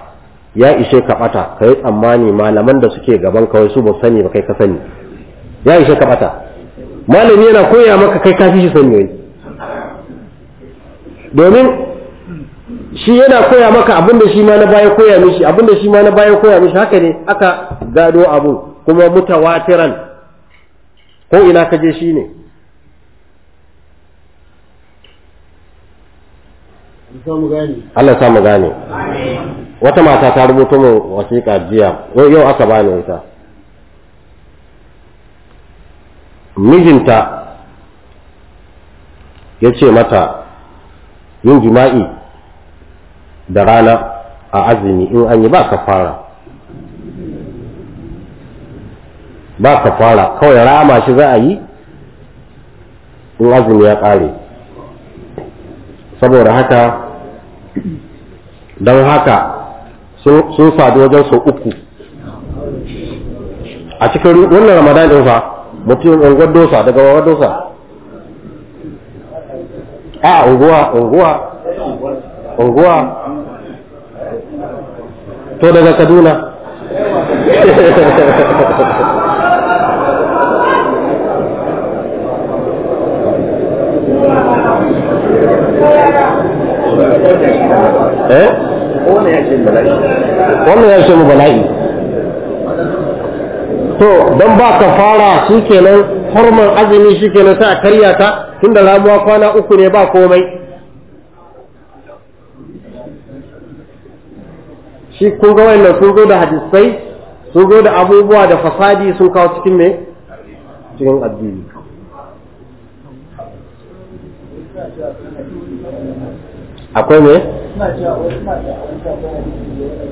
[SPEAKER 1] ya ishe ka bata kai yi tsammani malaman da suke gaban kawai su ba sani ba kai ka sani ya ishe ka bata
[SPEAKER 2] malami yana koya maka kai
[SPEAKER 1] ka shi sani domin shi yana koya maka abin da shi ma na baya koya mishi abin da shi ma na baya koya mishi haka ne aka gado abu kuma mutawatiran ko ina ka je shi ne Allah sa gane wata mata ta rubuta mu wasiƙa jiya yau aka bani ita mijinta ya ce mata yin jima'i da rana a azumi in an yi ba ka fara ba ka fara kawai rama shi za a yi in azumi ya ƙare saboda haka don haka sun sadu wajen sau uku a cikin wannan ramadan din fa mutum unguwar dosa daga wawar dosa
[SPEAKER 2] a unguwa unguwa unguwa to daga kaduna eh wannan ya ce mubala'i bala'i
[SPEAKER 1] to don ba ka fara shi kenan hormon azumi shi kenan sai a karya ta da ramuwa kwana uku ne ba komai shi kun ga wannan sun zo da hadisai
[SPEAKER 2] sun zo da abubuwa da fasadi sun kawo cikin
[SPEAKER 1] me cikin addini akwai me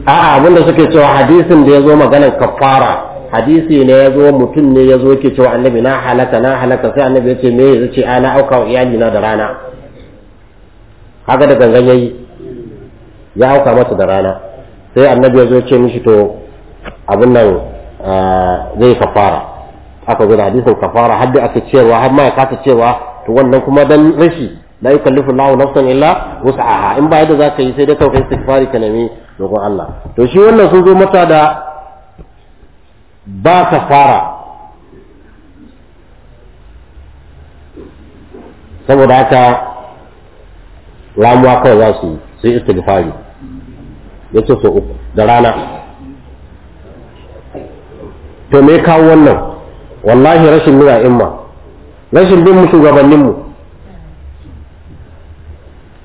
[SPEAKER 1] a'a abinda suke cewa hadisin da ya zo maganar kafara hadisi ne ya zo mutum ne ya zo ke cewa annabi na halaka na halaka sai annabi ya ce me ya ce ana auka wa na da rana haka da gangan yayi ya auka masa da rana sai annabi ya zo ce mishi to abin nan zai kafara aka zo da hadisin kafara har da aka cewa har ma ya kata cewa to wannan kuma dan rashi la yukallifu Allahu nafsan illa wus'aha in ba yadda zaka yi sai dai kawai istighfari ka nemi roƙon Allah to shi wannan sun zo mata da ba kafara saboda haka ramuwa kawai za su yi sai istighfari ya ce sau uku da rana to me kawo wannan wallahi rashin nuna imma rashin bin mu shugabanninmu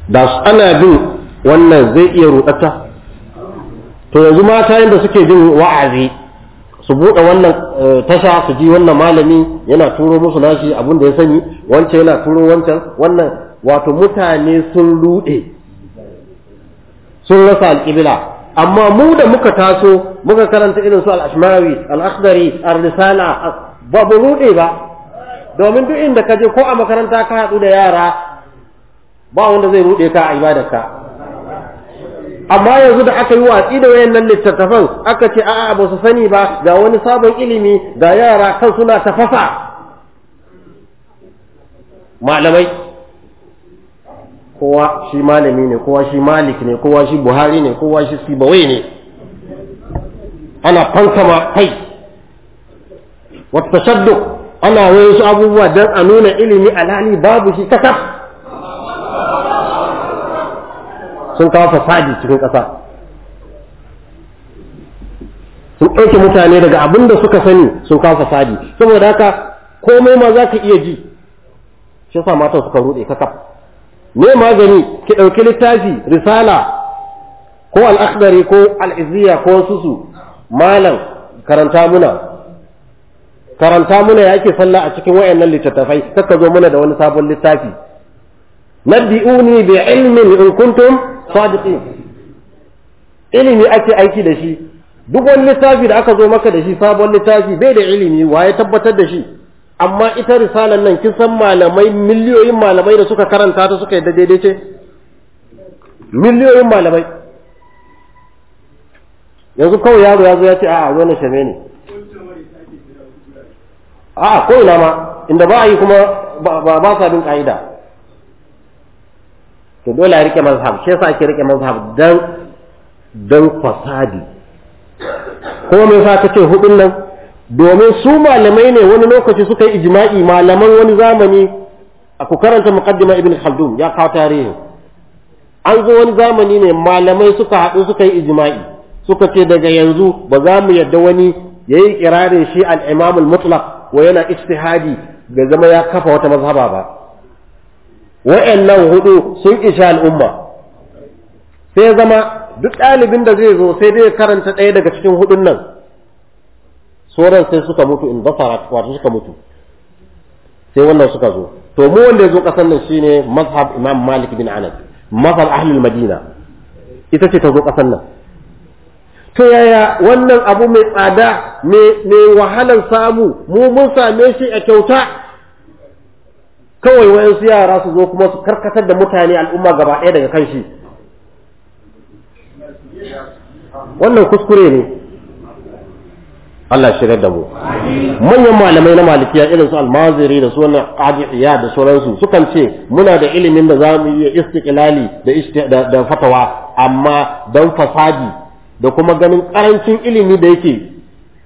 [SPEAKER 1] da ana bin wannan zai iya rudata to yanzu mata yadda suke bin wa'azi su buɗe wannan eh, tasha su ji wannan malami yana turo musu nashi abin da ya sani wancan yana turo wancan wannan wato mutane sun rude sun rasa alƙibla amma mu da muka taso muka karanta irin su al-ashmawi al-akhdari ar-risala ba mu ba domin duk inda ka je ko a makaranta ka haɗu da yara ba wanda zai rude ka a ibadarka amma yanzu da aka yi watsi da wayannan littattafan aka ce a'a ba su sani ba ga wani sabon ilimi ga yara kan suna tafasa malamai kowa shi malami ne kowa shi malik ne kowa shi buhari ne kowa shi sibawai ne ana fankama kai wata shaddu ana wayan su abubuwa don a nuna ilimi al'ani babu shi kasaf sun kawo fasadi cikin ƙasa sun ɗauke mutane daga abin da suka sani sun kawo fasadi saboda haka komai ma za ka iya ji shi sa matan suka ruɗe kakaf ne magani ki ɗauki littafi risala ko al'akhdari ko al'iziya ko susu malam karanta muna karanta muna ya ake sallah a cikin wayannan littattafai kakka zo muna da wani sabon littafi nabbi'uni bi ilmin in kuntum sadiqin ilimi ake aiki da shi duk wani littafi da aka zo maka da shi sabon littafi bai da ilimi waye tabbatar da shi amma ita risalar nan kin san malamai miliyoyin malamai da suka karanta ta suka yadda daidai ce miliyoyin malamai yanzu kawai yaro ya zo ya ce a'a wannan shame ne a'a ko ina ma inda ba a yi kuma ba ba sa bin ka'ida to dole a rike mazhab shi yasa ake rike mazhab dan dan fasadi ko me yasa kace hudun nan domin su malamai ne wani lokaci suka yi ijma'i malaman wani zamani a ku karanta muqaddima ibn khaldun ya kawo tarihi an zo wani zamani ne malamai suka haɗu suka yi ijma'i suka ce daga yanzu ba za mu yadda wani ya yi kirarin shi al imamul mutlaq wa yana ijtihadi ga zama ya kafa wata mazhaba ba wa'annan hudu sun isha al'umma sai zama duk ɗalibin da zai zo sai dai karanta ɗaya daga cikin hudun nan sauran sai suka mutu in basara wato suka mutu sai wannan suka zo to mu wanda ya zo ƙasar nan shine mazhab imam malik bin anas mazhab ahlul madina ita ce ta zo ƙasar nan to yaya wannan abu mai tsada mai wahalar samu mu mun same shi a kyauta kawai wayansu yara su zo kuma su karkatar da mutane al'umma gaba ɗaya daga kan shi
[SPEAKER 2] wannan kuskure
[SPEAKER 1] ne Allah shirya da mu manyan malamai na malikiya irin su almaziri da sunan ajiya da sauransu sukan ce muna da ilimin da zamu iya istiqlali da da fatawa amma dan fasadi da kuma ganin karancin ilimi da yake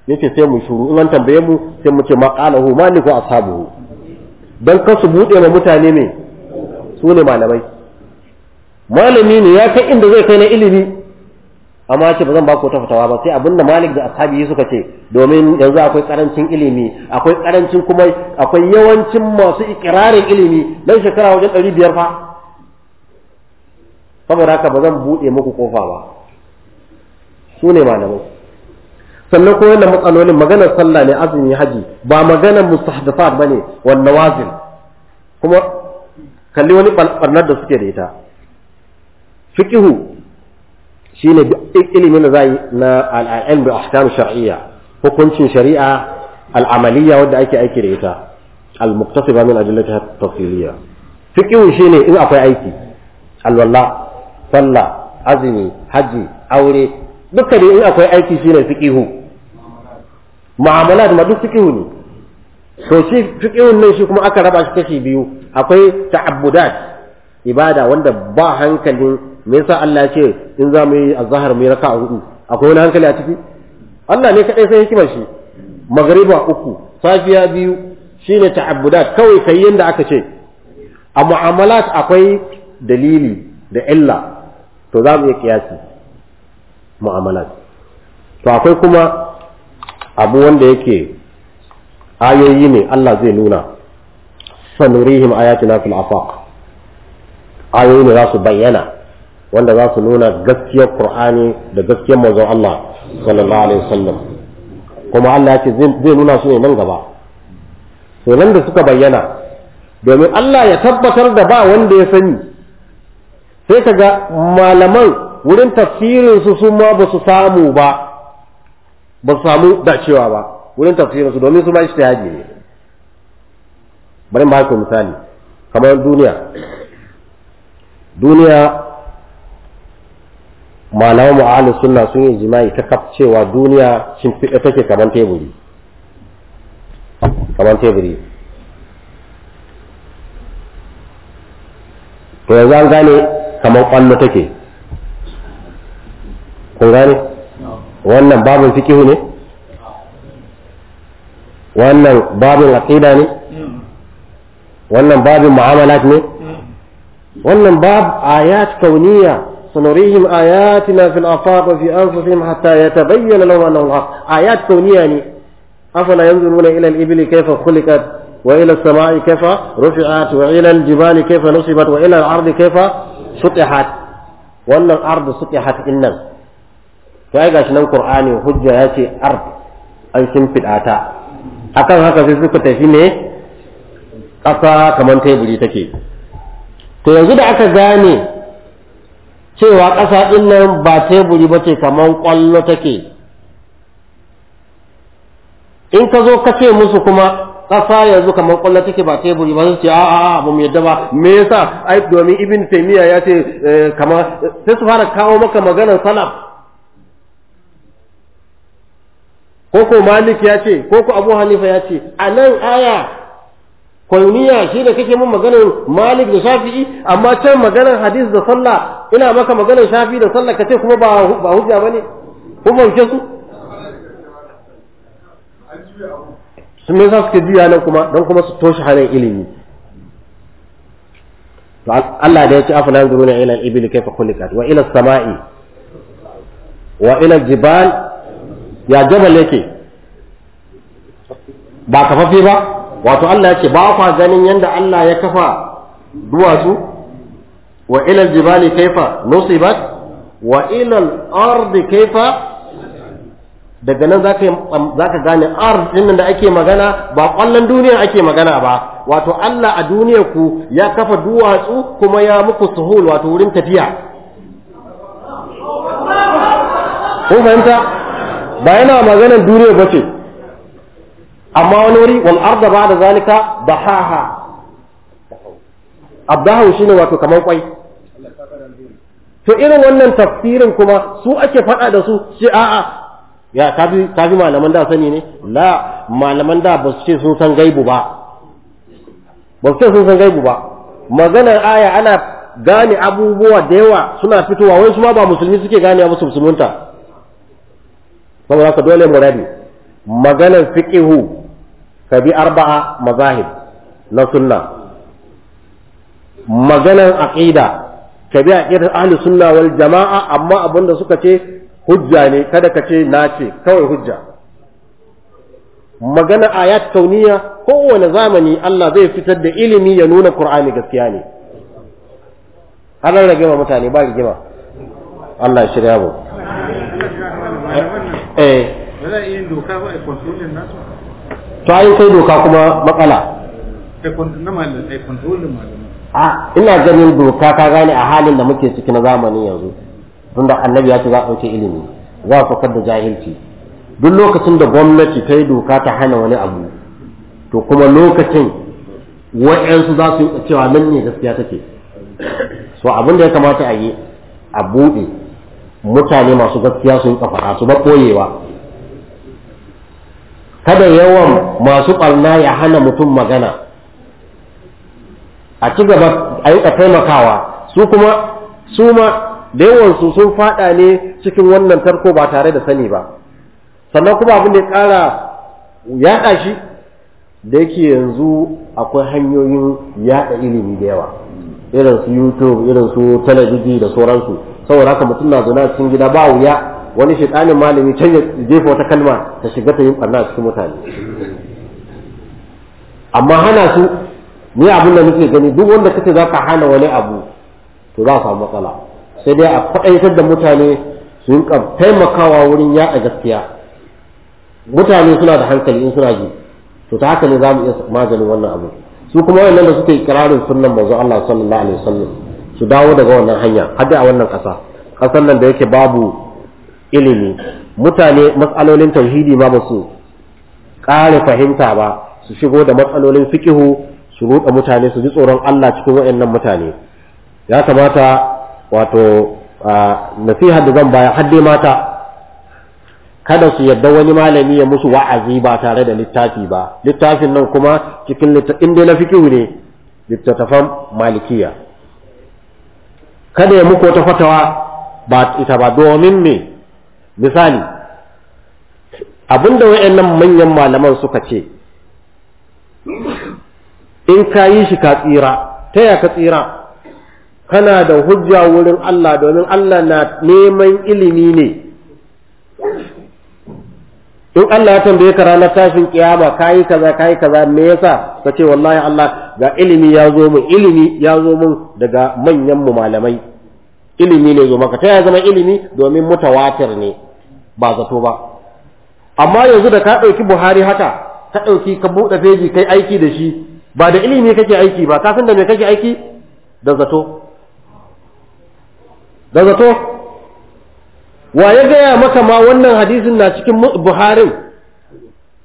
[SPEAKER 1] yace sai mu shuru in an tambaye mu sai mu ce ma qalahu maliku ashabuhu don kan su buɗe ma mutane ne su ne malamai malami ne ya kai inda zai kai na ilimi amma ce ba zan ba ku ta fatawa ba sai abinda malik da ashabi suka ce domin yanzu akwai karancin ilimi akwai karancin kuma akwai yawancin masu ikirarin ilimi dan shekara wajen ɗari biyar fa saboda haka ba zan buɗe muku kofa ba su ne malamai sannan kuma wannan matsalolin maganar sallah ne azumi haji ba maganar mustahdathat bane wan nawazil kuma kalli wani barnar da suke da ita fiqhu shine ilimin da zai na al-ilm bi ahkam shar'iyya hukuncin shari'a al-amaliyya wanda ake aiki da ita al-muqtasiba min adillati at-tafsiliyya fiqhu shine in akwai aiki alwala sallah azumi haji aure duka da in akwai aiki shine fiqihu mu'amalat ma duk fiqhu ne to shi fiqhun nan shi kuma aka raba shi kashi biyu akwai ta'abbudat ibada wanda ba hankali me yasa Allah ya ce in za mu yi azhar mu yi raka'a hudu akwai wani hankali a ciki Allah ne kadai sai hikimar shi magriba uku safiya biyu shine ta'abbudat kawai kai yanda aka ce a mu'amalat akwai dalili da illa to za mu iya kiyasi mu'amalat to akwai kuma abu wanda yake ayoyi ne Allah zai nuna sanurihim ayatina fil afaq ayoyi ne za su bayyana wanda za su nuna gaskiyar Qur'ani da gaskiyar manzon Allah sallallahu alaihi wasallam kuma Allah yake zai nuna su ne nan gaba to nan da suka bayyana domin Allah ya tabbatar da ba wanda ya sani sai kaga malaman wurin tafsirin su sun ma ba su samu ba ba su samu dacewa ba wurin tafsirin su domin su ma yaji ne bari ba ku misali kamar duniya duniya malamu ma'alin sunna sun yi jima'i ta kaf cewa duniya shin fiɗe take kamar teburi kamar teburi to yanzu an gane kamar ƙwallo take kun gane wannan babin fikihu ne wannan babin aqida ne wannan babin mu'amalat ne wannan bab ayat kauniya سنريهم آياتنا في الآفاق وفي أنفسهم حتى يتبين لهم أنه الحق آيات كونية يعني أفلا ينظرون إلى الإبل كيف خلقت وإلى السماء كيف رفعت وإلى الجبال كيف نصبت وإلى الأرض كيف سطحت وأن الأرض سطحت إنما sai gashi nan qur'ani hujja yace ce ard an kin ta akan haka sai suka tafi ne ƙasa kamar teburi take to yanzu da aka gane cewa kasa ɗin nan ba teburi ba ce kamar ƙwallo take in ka zo ka ce musu kuma ƙasa yanzu kamar kwallo take ba teburi ba su ce a'a ba mu yadda ba me yasa ai domin ibn taymiya ya ce eh, kamar sai su fara kawo maka maganar salaf ko ko malik ya ce ko ko abu hanifa ya ce a nan aya kwauniya shi da kake mun maganar malik da shafi'i amma can maganar hadis da sallah ina maka maganar shafi da sallah ka ce kuma ba ba hujja bane ko hujja su sun me za suke juya nan kuma don kuma su toshe halin ilimi to Allah da ya ce afalan duruna ila al-ibil kayfa khuliqat wa ila as-sama'i wa ila al-jibal ya jabal yake ba kafaffe ba wato Allah yake ba kwa ganin yanda Allah ya kafa duwatsu wa ila jibali kaifa nusibat wa ila ardi kaifa daga nan za ka gane arzikin nan da ake magana ba kwallon duniya ake magana ba wato Allah a duniyar ku ya kafa duwatsu kuma ya muku suhul wato wurin tafiya kun fahimta ba yana maganar duniya ba ce amma wani wuri wal arda ba da zalika ha abdahu shine wato kamar kwai to irin wannan tafsirin kuma su ake faɗa da su ce a'a ya tafi malaman da sani ne la malaman da ba su ce sun san gaibu ba ba su ce sun san gaibu ba maganar aya ana gane abubuwa da yawa suna fitowa wai su ma ba musulmi suke gane su musulunta saboda ka dole mu rabi maganar fiqihu ka bi arba'a mazahib na sunna maganar aqida ka bi aqidar ahli sunna wal jama'a amma abinda suka ce hujja ne kada ka ce na ce kawai hujja magana ayat kauniya kowane zamani Allah zai fitar da ilimi ya nuna Qur'ani gaskiya ne har rage mutane ba rigima Allah shirya mu
[SPEAKER 2] eh yana yin doka ba a nasu
[SPEAKER 1] to kai doka kuma matsala a ina ganin doka ka gane a halin da muke ciki na zamani yanzu tunda annabi ya ce za a ɗauke ilimi za a saukar da jahilci duk lokacin da gwamnati ta yi doka ta hana wani abu to kuma lokacin wa'yansu za su yi cewa nan ne gaskiya take so abin da ya kamata a yi a buɗe mutane masu gaskiya sun kafa su ba koyewa kada yawan masu ɓarna ya hana mutum magana a ci gaba a yi taimakawa su kuma su ma da yawansu sun fada ne cikin wannan tarko ba tare da sani ba sannan kuma abin da ya ƙara yaɗa shi da yake yanzu akwai hanyoyin yaɗa ilimi da yawa irin su youtube irin su talabijin da sauransu saboda haka mutum na zaune a cikin gida ba wuya wani shaitanin malami can ya jefa wata kalma ta shiga ta yi barna a cikin mutane amma hana su ni abin da nake gani duk wanda kace za ka hana wani abu to za samu matsala sai dai a kwaɗaitar da mutane su yi taimakawa wurin yaɗa gaskiya
[SPEAKER 2] mutane suna da hankali in suna ji
[SPEAKER 1] to ta haka ne za mu iya maganin wannan abu su kuma wannan da suke kirarin sunnan manzo Allah sallallahu alaihi wasallam su dawo daga wannan hanya da a wannan ƙasa ƙasar nan da yake babu ilimi mutane matsalolin tauhidi ma ba su ƙare fahimta ba su shigo da matsalolin fikihu su ruɗa mutane su ji tsoron Allah cikin wayannan mutane ya kamata wato nasihar da zan baya hadde mata kada su yadda wani malami ya musu wa'azi ba tare da littafi ba littafin nan kuma cikin littafin dai na fikihu ne littattafan malikiya kada ya muku wata fatawa ba ita ba domin me misali abinda wayannan manyan malaman suka ce in ka yi shi ka tsira ta ya ka tsira kana da hujja wurin Allah domin Allah na neman ilimi ne in Allah ya tambaye ka ranar tashin kiyama kayi kaza kayi kaza me yasa ka ce wallahi Allah ga ilimi ya zo mun ilimi ya zo mun daga manyan mu malamai ilimi ne zo maka ta ya zama ilimi domin mutawatir ne ba zato ba amma yanzu da ka ɗauki buhari haka ka ɗauki ka buɗe feji kai aiki da shi ba da ilimi kake aiki ba ka san da me kake aiki da zato da zato wa ya gaya maka ma wannan hadisin na cikin buharin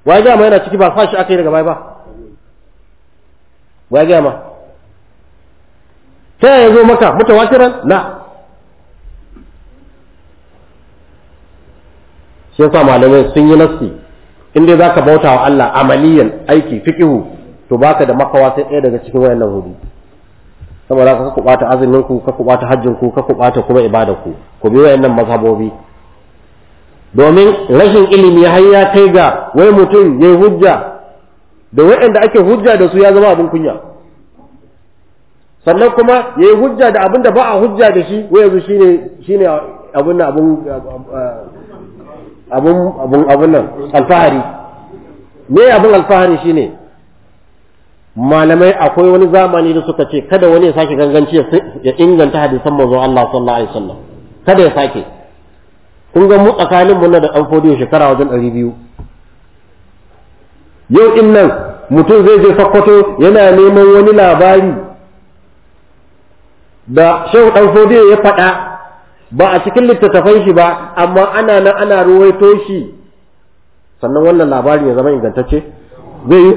[SPEAKER 1] wa ya gaya ma yana ciki ba fashi aka yi daga baya ba wa ya gaya ma ta yaya zo maka mutawatiran na shi yasa malamai sun yi nassi in dai ka bauta wa Allah amaliyan aiki fiqihu to baka da makawa sai ɗaya daga cikin wayannan hudu saboda ka ku bata azumin ku ka ku bata hajjin ku ka ku bata kuma ibada ku ku bi wayannan mazhabobi domin rashin ilimi har ya kai ga wai mutum yi hujja da wayanda ake hujja da su ya zama abin kunya sannan kuma ya yi hujja da abin da ba a hujja da shi wai yanzu shine shine abin abin abun abun nan alfahari me abun alfahari shine malamai akwai wani zamani da suka ce kada wani ya sake ganganci ya inganta hadisan manzon Allah sallallahu alaihi wasallam kada ya sake kun ga mu tsakanin mu na da dan fodiyo shekara wajen 200 yau din nan mutum zai je sakkwato yana neman wani labari da shehu dan fodiyo ya faɗa ba a cikin littattafai shi ba amma ana nan ana ruwaito shi sannan wannan labari ya zama ingantacce zai yi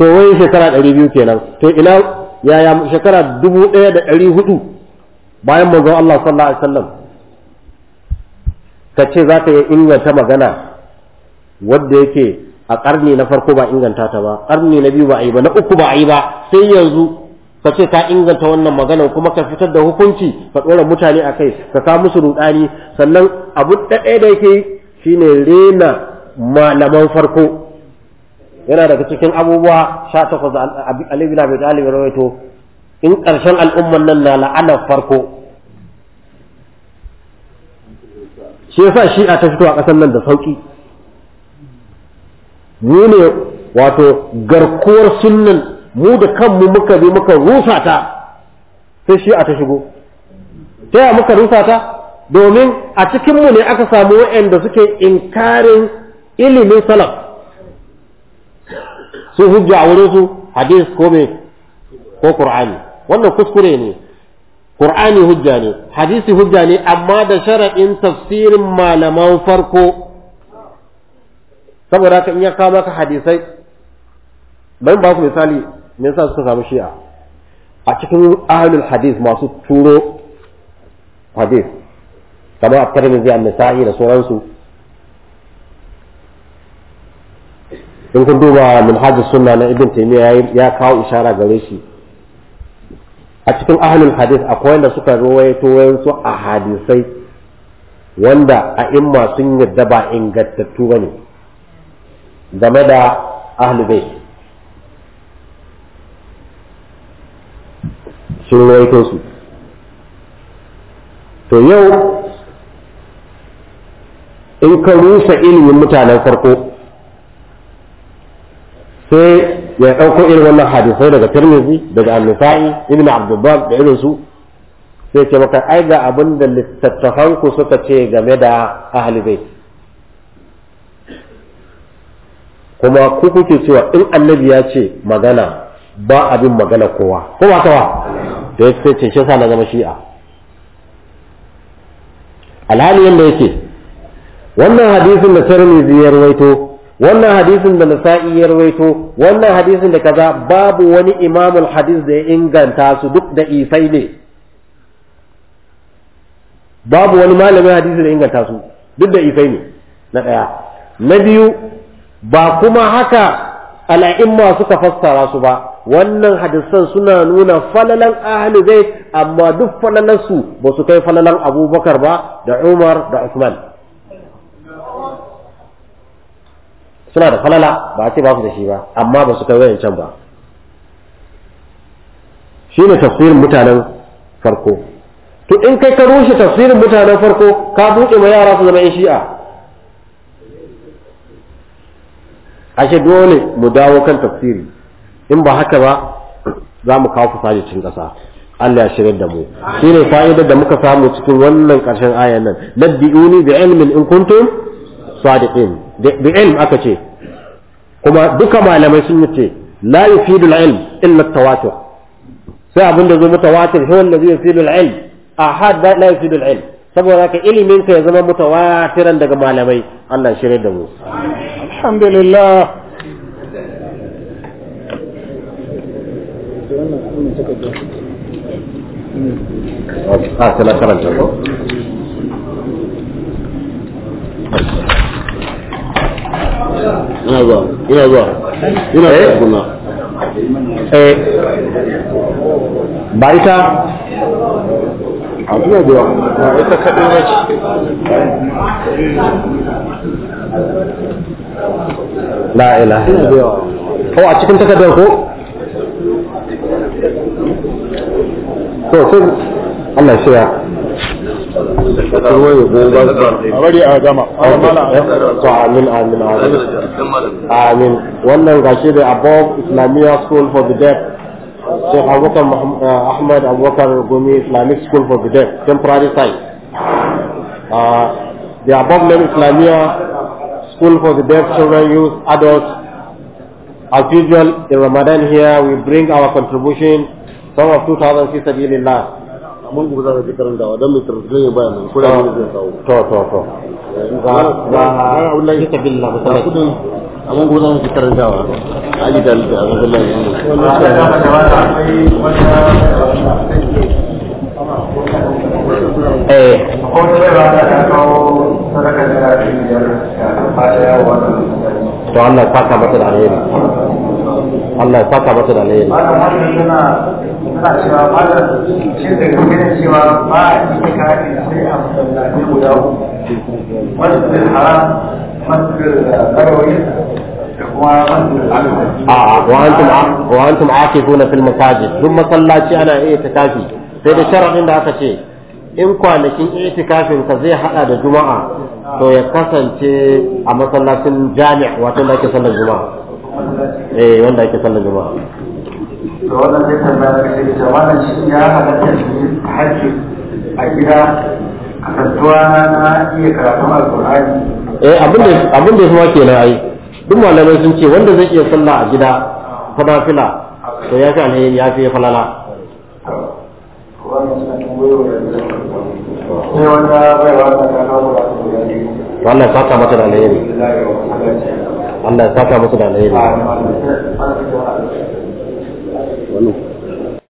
[SPEAKER 1] to wai shekara ɗari biyu kenan to ina yaya shekara dubu ɗaya da ɗari hudu bayan manzon Allah sallallahu alaihi wasallam ka ce za ka yi inganta magana wadda yake a ƙarni na farko ba inganta ta ba ƙarni na biyu ba a yi ba na uku ba a yi ba sai yanzu ka ce ka inganta wannan magana kuma ka fitar da hukunci ka ɗora mutane a kai ka sa musu rudani sannan abu ɗaya da yake shine rena malaman farko yana daga cikin abubuwa sha takwas Ali bin Abi Talib rawaito in ƙarshen al'umman nan na la'anar farko shi yasa shi'a ta fito a ƙasar nan da sauƙi mu ne wato garkuwar sunnan mu da kanmu muka bi muka rusa ta sai shi a ta shigo ta yaya muka rusa ta domin a cikinmu ne aka samu waɗanda suke inkarin ilimin salaf su hujja a su hadis ko me ko qur'ani wannan kuskure ne qur'ani hujja ne hadisi hujja ne amma da sharaɗin tafsirin malaman farko saboda ka in ya kawo maka hadisai bari ba ku misali me yasa suka samu shi'a a cikin ahlul hadith masu turo hadith kamar at-tirmidhi an-nasa'i da sauransu in kun duba minhajus sunna na ibn taimiyya ya kawo ishara gare shi a cikin ahlul hadith akwai wanda suka rawaito wayansu a hadisai wanda a in sun yadda ba ingantattu bane game da ahlul bait
[SPEAKER 2] sun rawaito su to yau
[SPEAKER 1] in ka rusa ilimin mutanen farko sai ya ɗauko irin wannan hadisai daga tirmizi daga annisa'i ibn abdullah da irin su sai ce maka ai ga abin da littattafanku suka ce game da ahli bait kuma ku kuke cewa in annabi ya ce magana ba abin magana kowa ko ba ta ba da ya ce cece sa na zama shi'a alhali yadda yake wannan hadisin da tirmidhi ya rawaito wannan hadisin da nasa'i ya rawaito wannan hadisin da kaza babu wani imamul hadis da ya inganta su duk da isai ne babu wani malamin hadisi da inganta su duk da isai ne na ɗaya na biyu ba kuma haka al'a'imma suka fassara su ba wannan hadisan suna nuna falalan ahli zai amma duk falalansu ba su kai falalan abubakar ba da umar da usman suna da falala ba a ce ba su da shi ba amma ba su kai can ba shi ne tafsirin mutanen farko to in kai ka rushe tafsirin mutanen farko ka buɗe ma yara su zama shi'a ashe dole mu dawo kan tafsiri in ba haka ba za mu kawo fasali cin ƙasa Allah ya shirya da mu shi ne fa'idar da muka samu cikin wannan ƙarshen ayan nan nabbi'uni bi ilmin in kuntum sadiqin bi ilm aka ce kuma duka malamai sun ce la yufidu al-ilm illa at-tawatur sai abin da zo mutawatir wanda zai yufidu al-ilm ahad la yufidu al-ilm saboda ka ilimin ka ya zama mutawatiran daga malamai Allah ya shirya da mu
[SPEAKER 2] alhamdulillah takardar a ah, tana karanta ko ina zuwa ina zuwa ina zuwa kuna eh ba ita a ba ita a cikin takardar ko to sun Allah shiya bari a gama to amin amin amin wannan
[SPEAKER 1] gashi da above islamiyya school for the deaf Sheikh Abubakar eh, Ahmad Abubakar Gumi Islamic School for the Deaf temporary site uh, the above name Islamiyya School for the Deaf Children Youth Adults as usual in Ramadan here we bring our contribution some ta 2000 fi sabilillah mun gobe za ka ji karantawa don mai tarzukan ya bayan nan kuɗa ne zai kawo to to to
[SPEAKER 2] ba ba abin da yake billah ba sai kudin amma gobe za ka ji karantawa ali da da Allah ya yi eh ko da ba ta kawo sadaka da ta yi da ta fara wannan to Allah
[SPEAKER 1] ta ka mata da alheri Allah ya saka mata da alheri kana cewa shi da cewa ba a cikin kafin sai a masallaci guda masjid haram sai da sharaɗin da aka ce in kwanakin itikafin ka zai hada da juma'a to ya kasance a masallacin wato da ake sallar juma'a eh wanda ake sallar juma'a
[SPEAKER 2] to wannan zai tambaya ka ce jama'a shi ya haɗa da hajji a gida a tattuwa na iya karatun alƙur'ani eh abin da
[SPEAKER 1] abin da kuma kenan ai duk malamai sun ce wanda zai iya sallah a gida fada fila to ya fi alheri ya fi falala
[SPEAKER 2] wannan saka mata da alheri Allah ya saka musu da alheri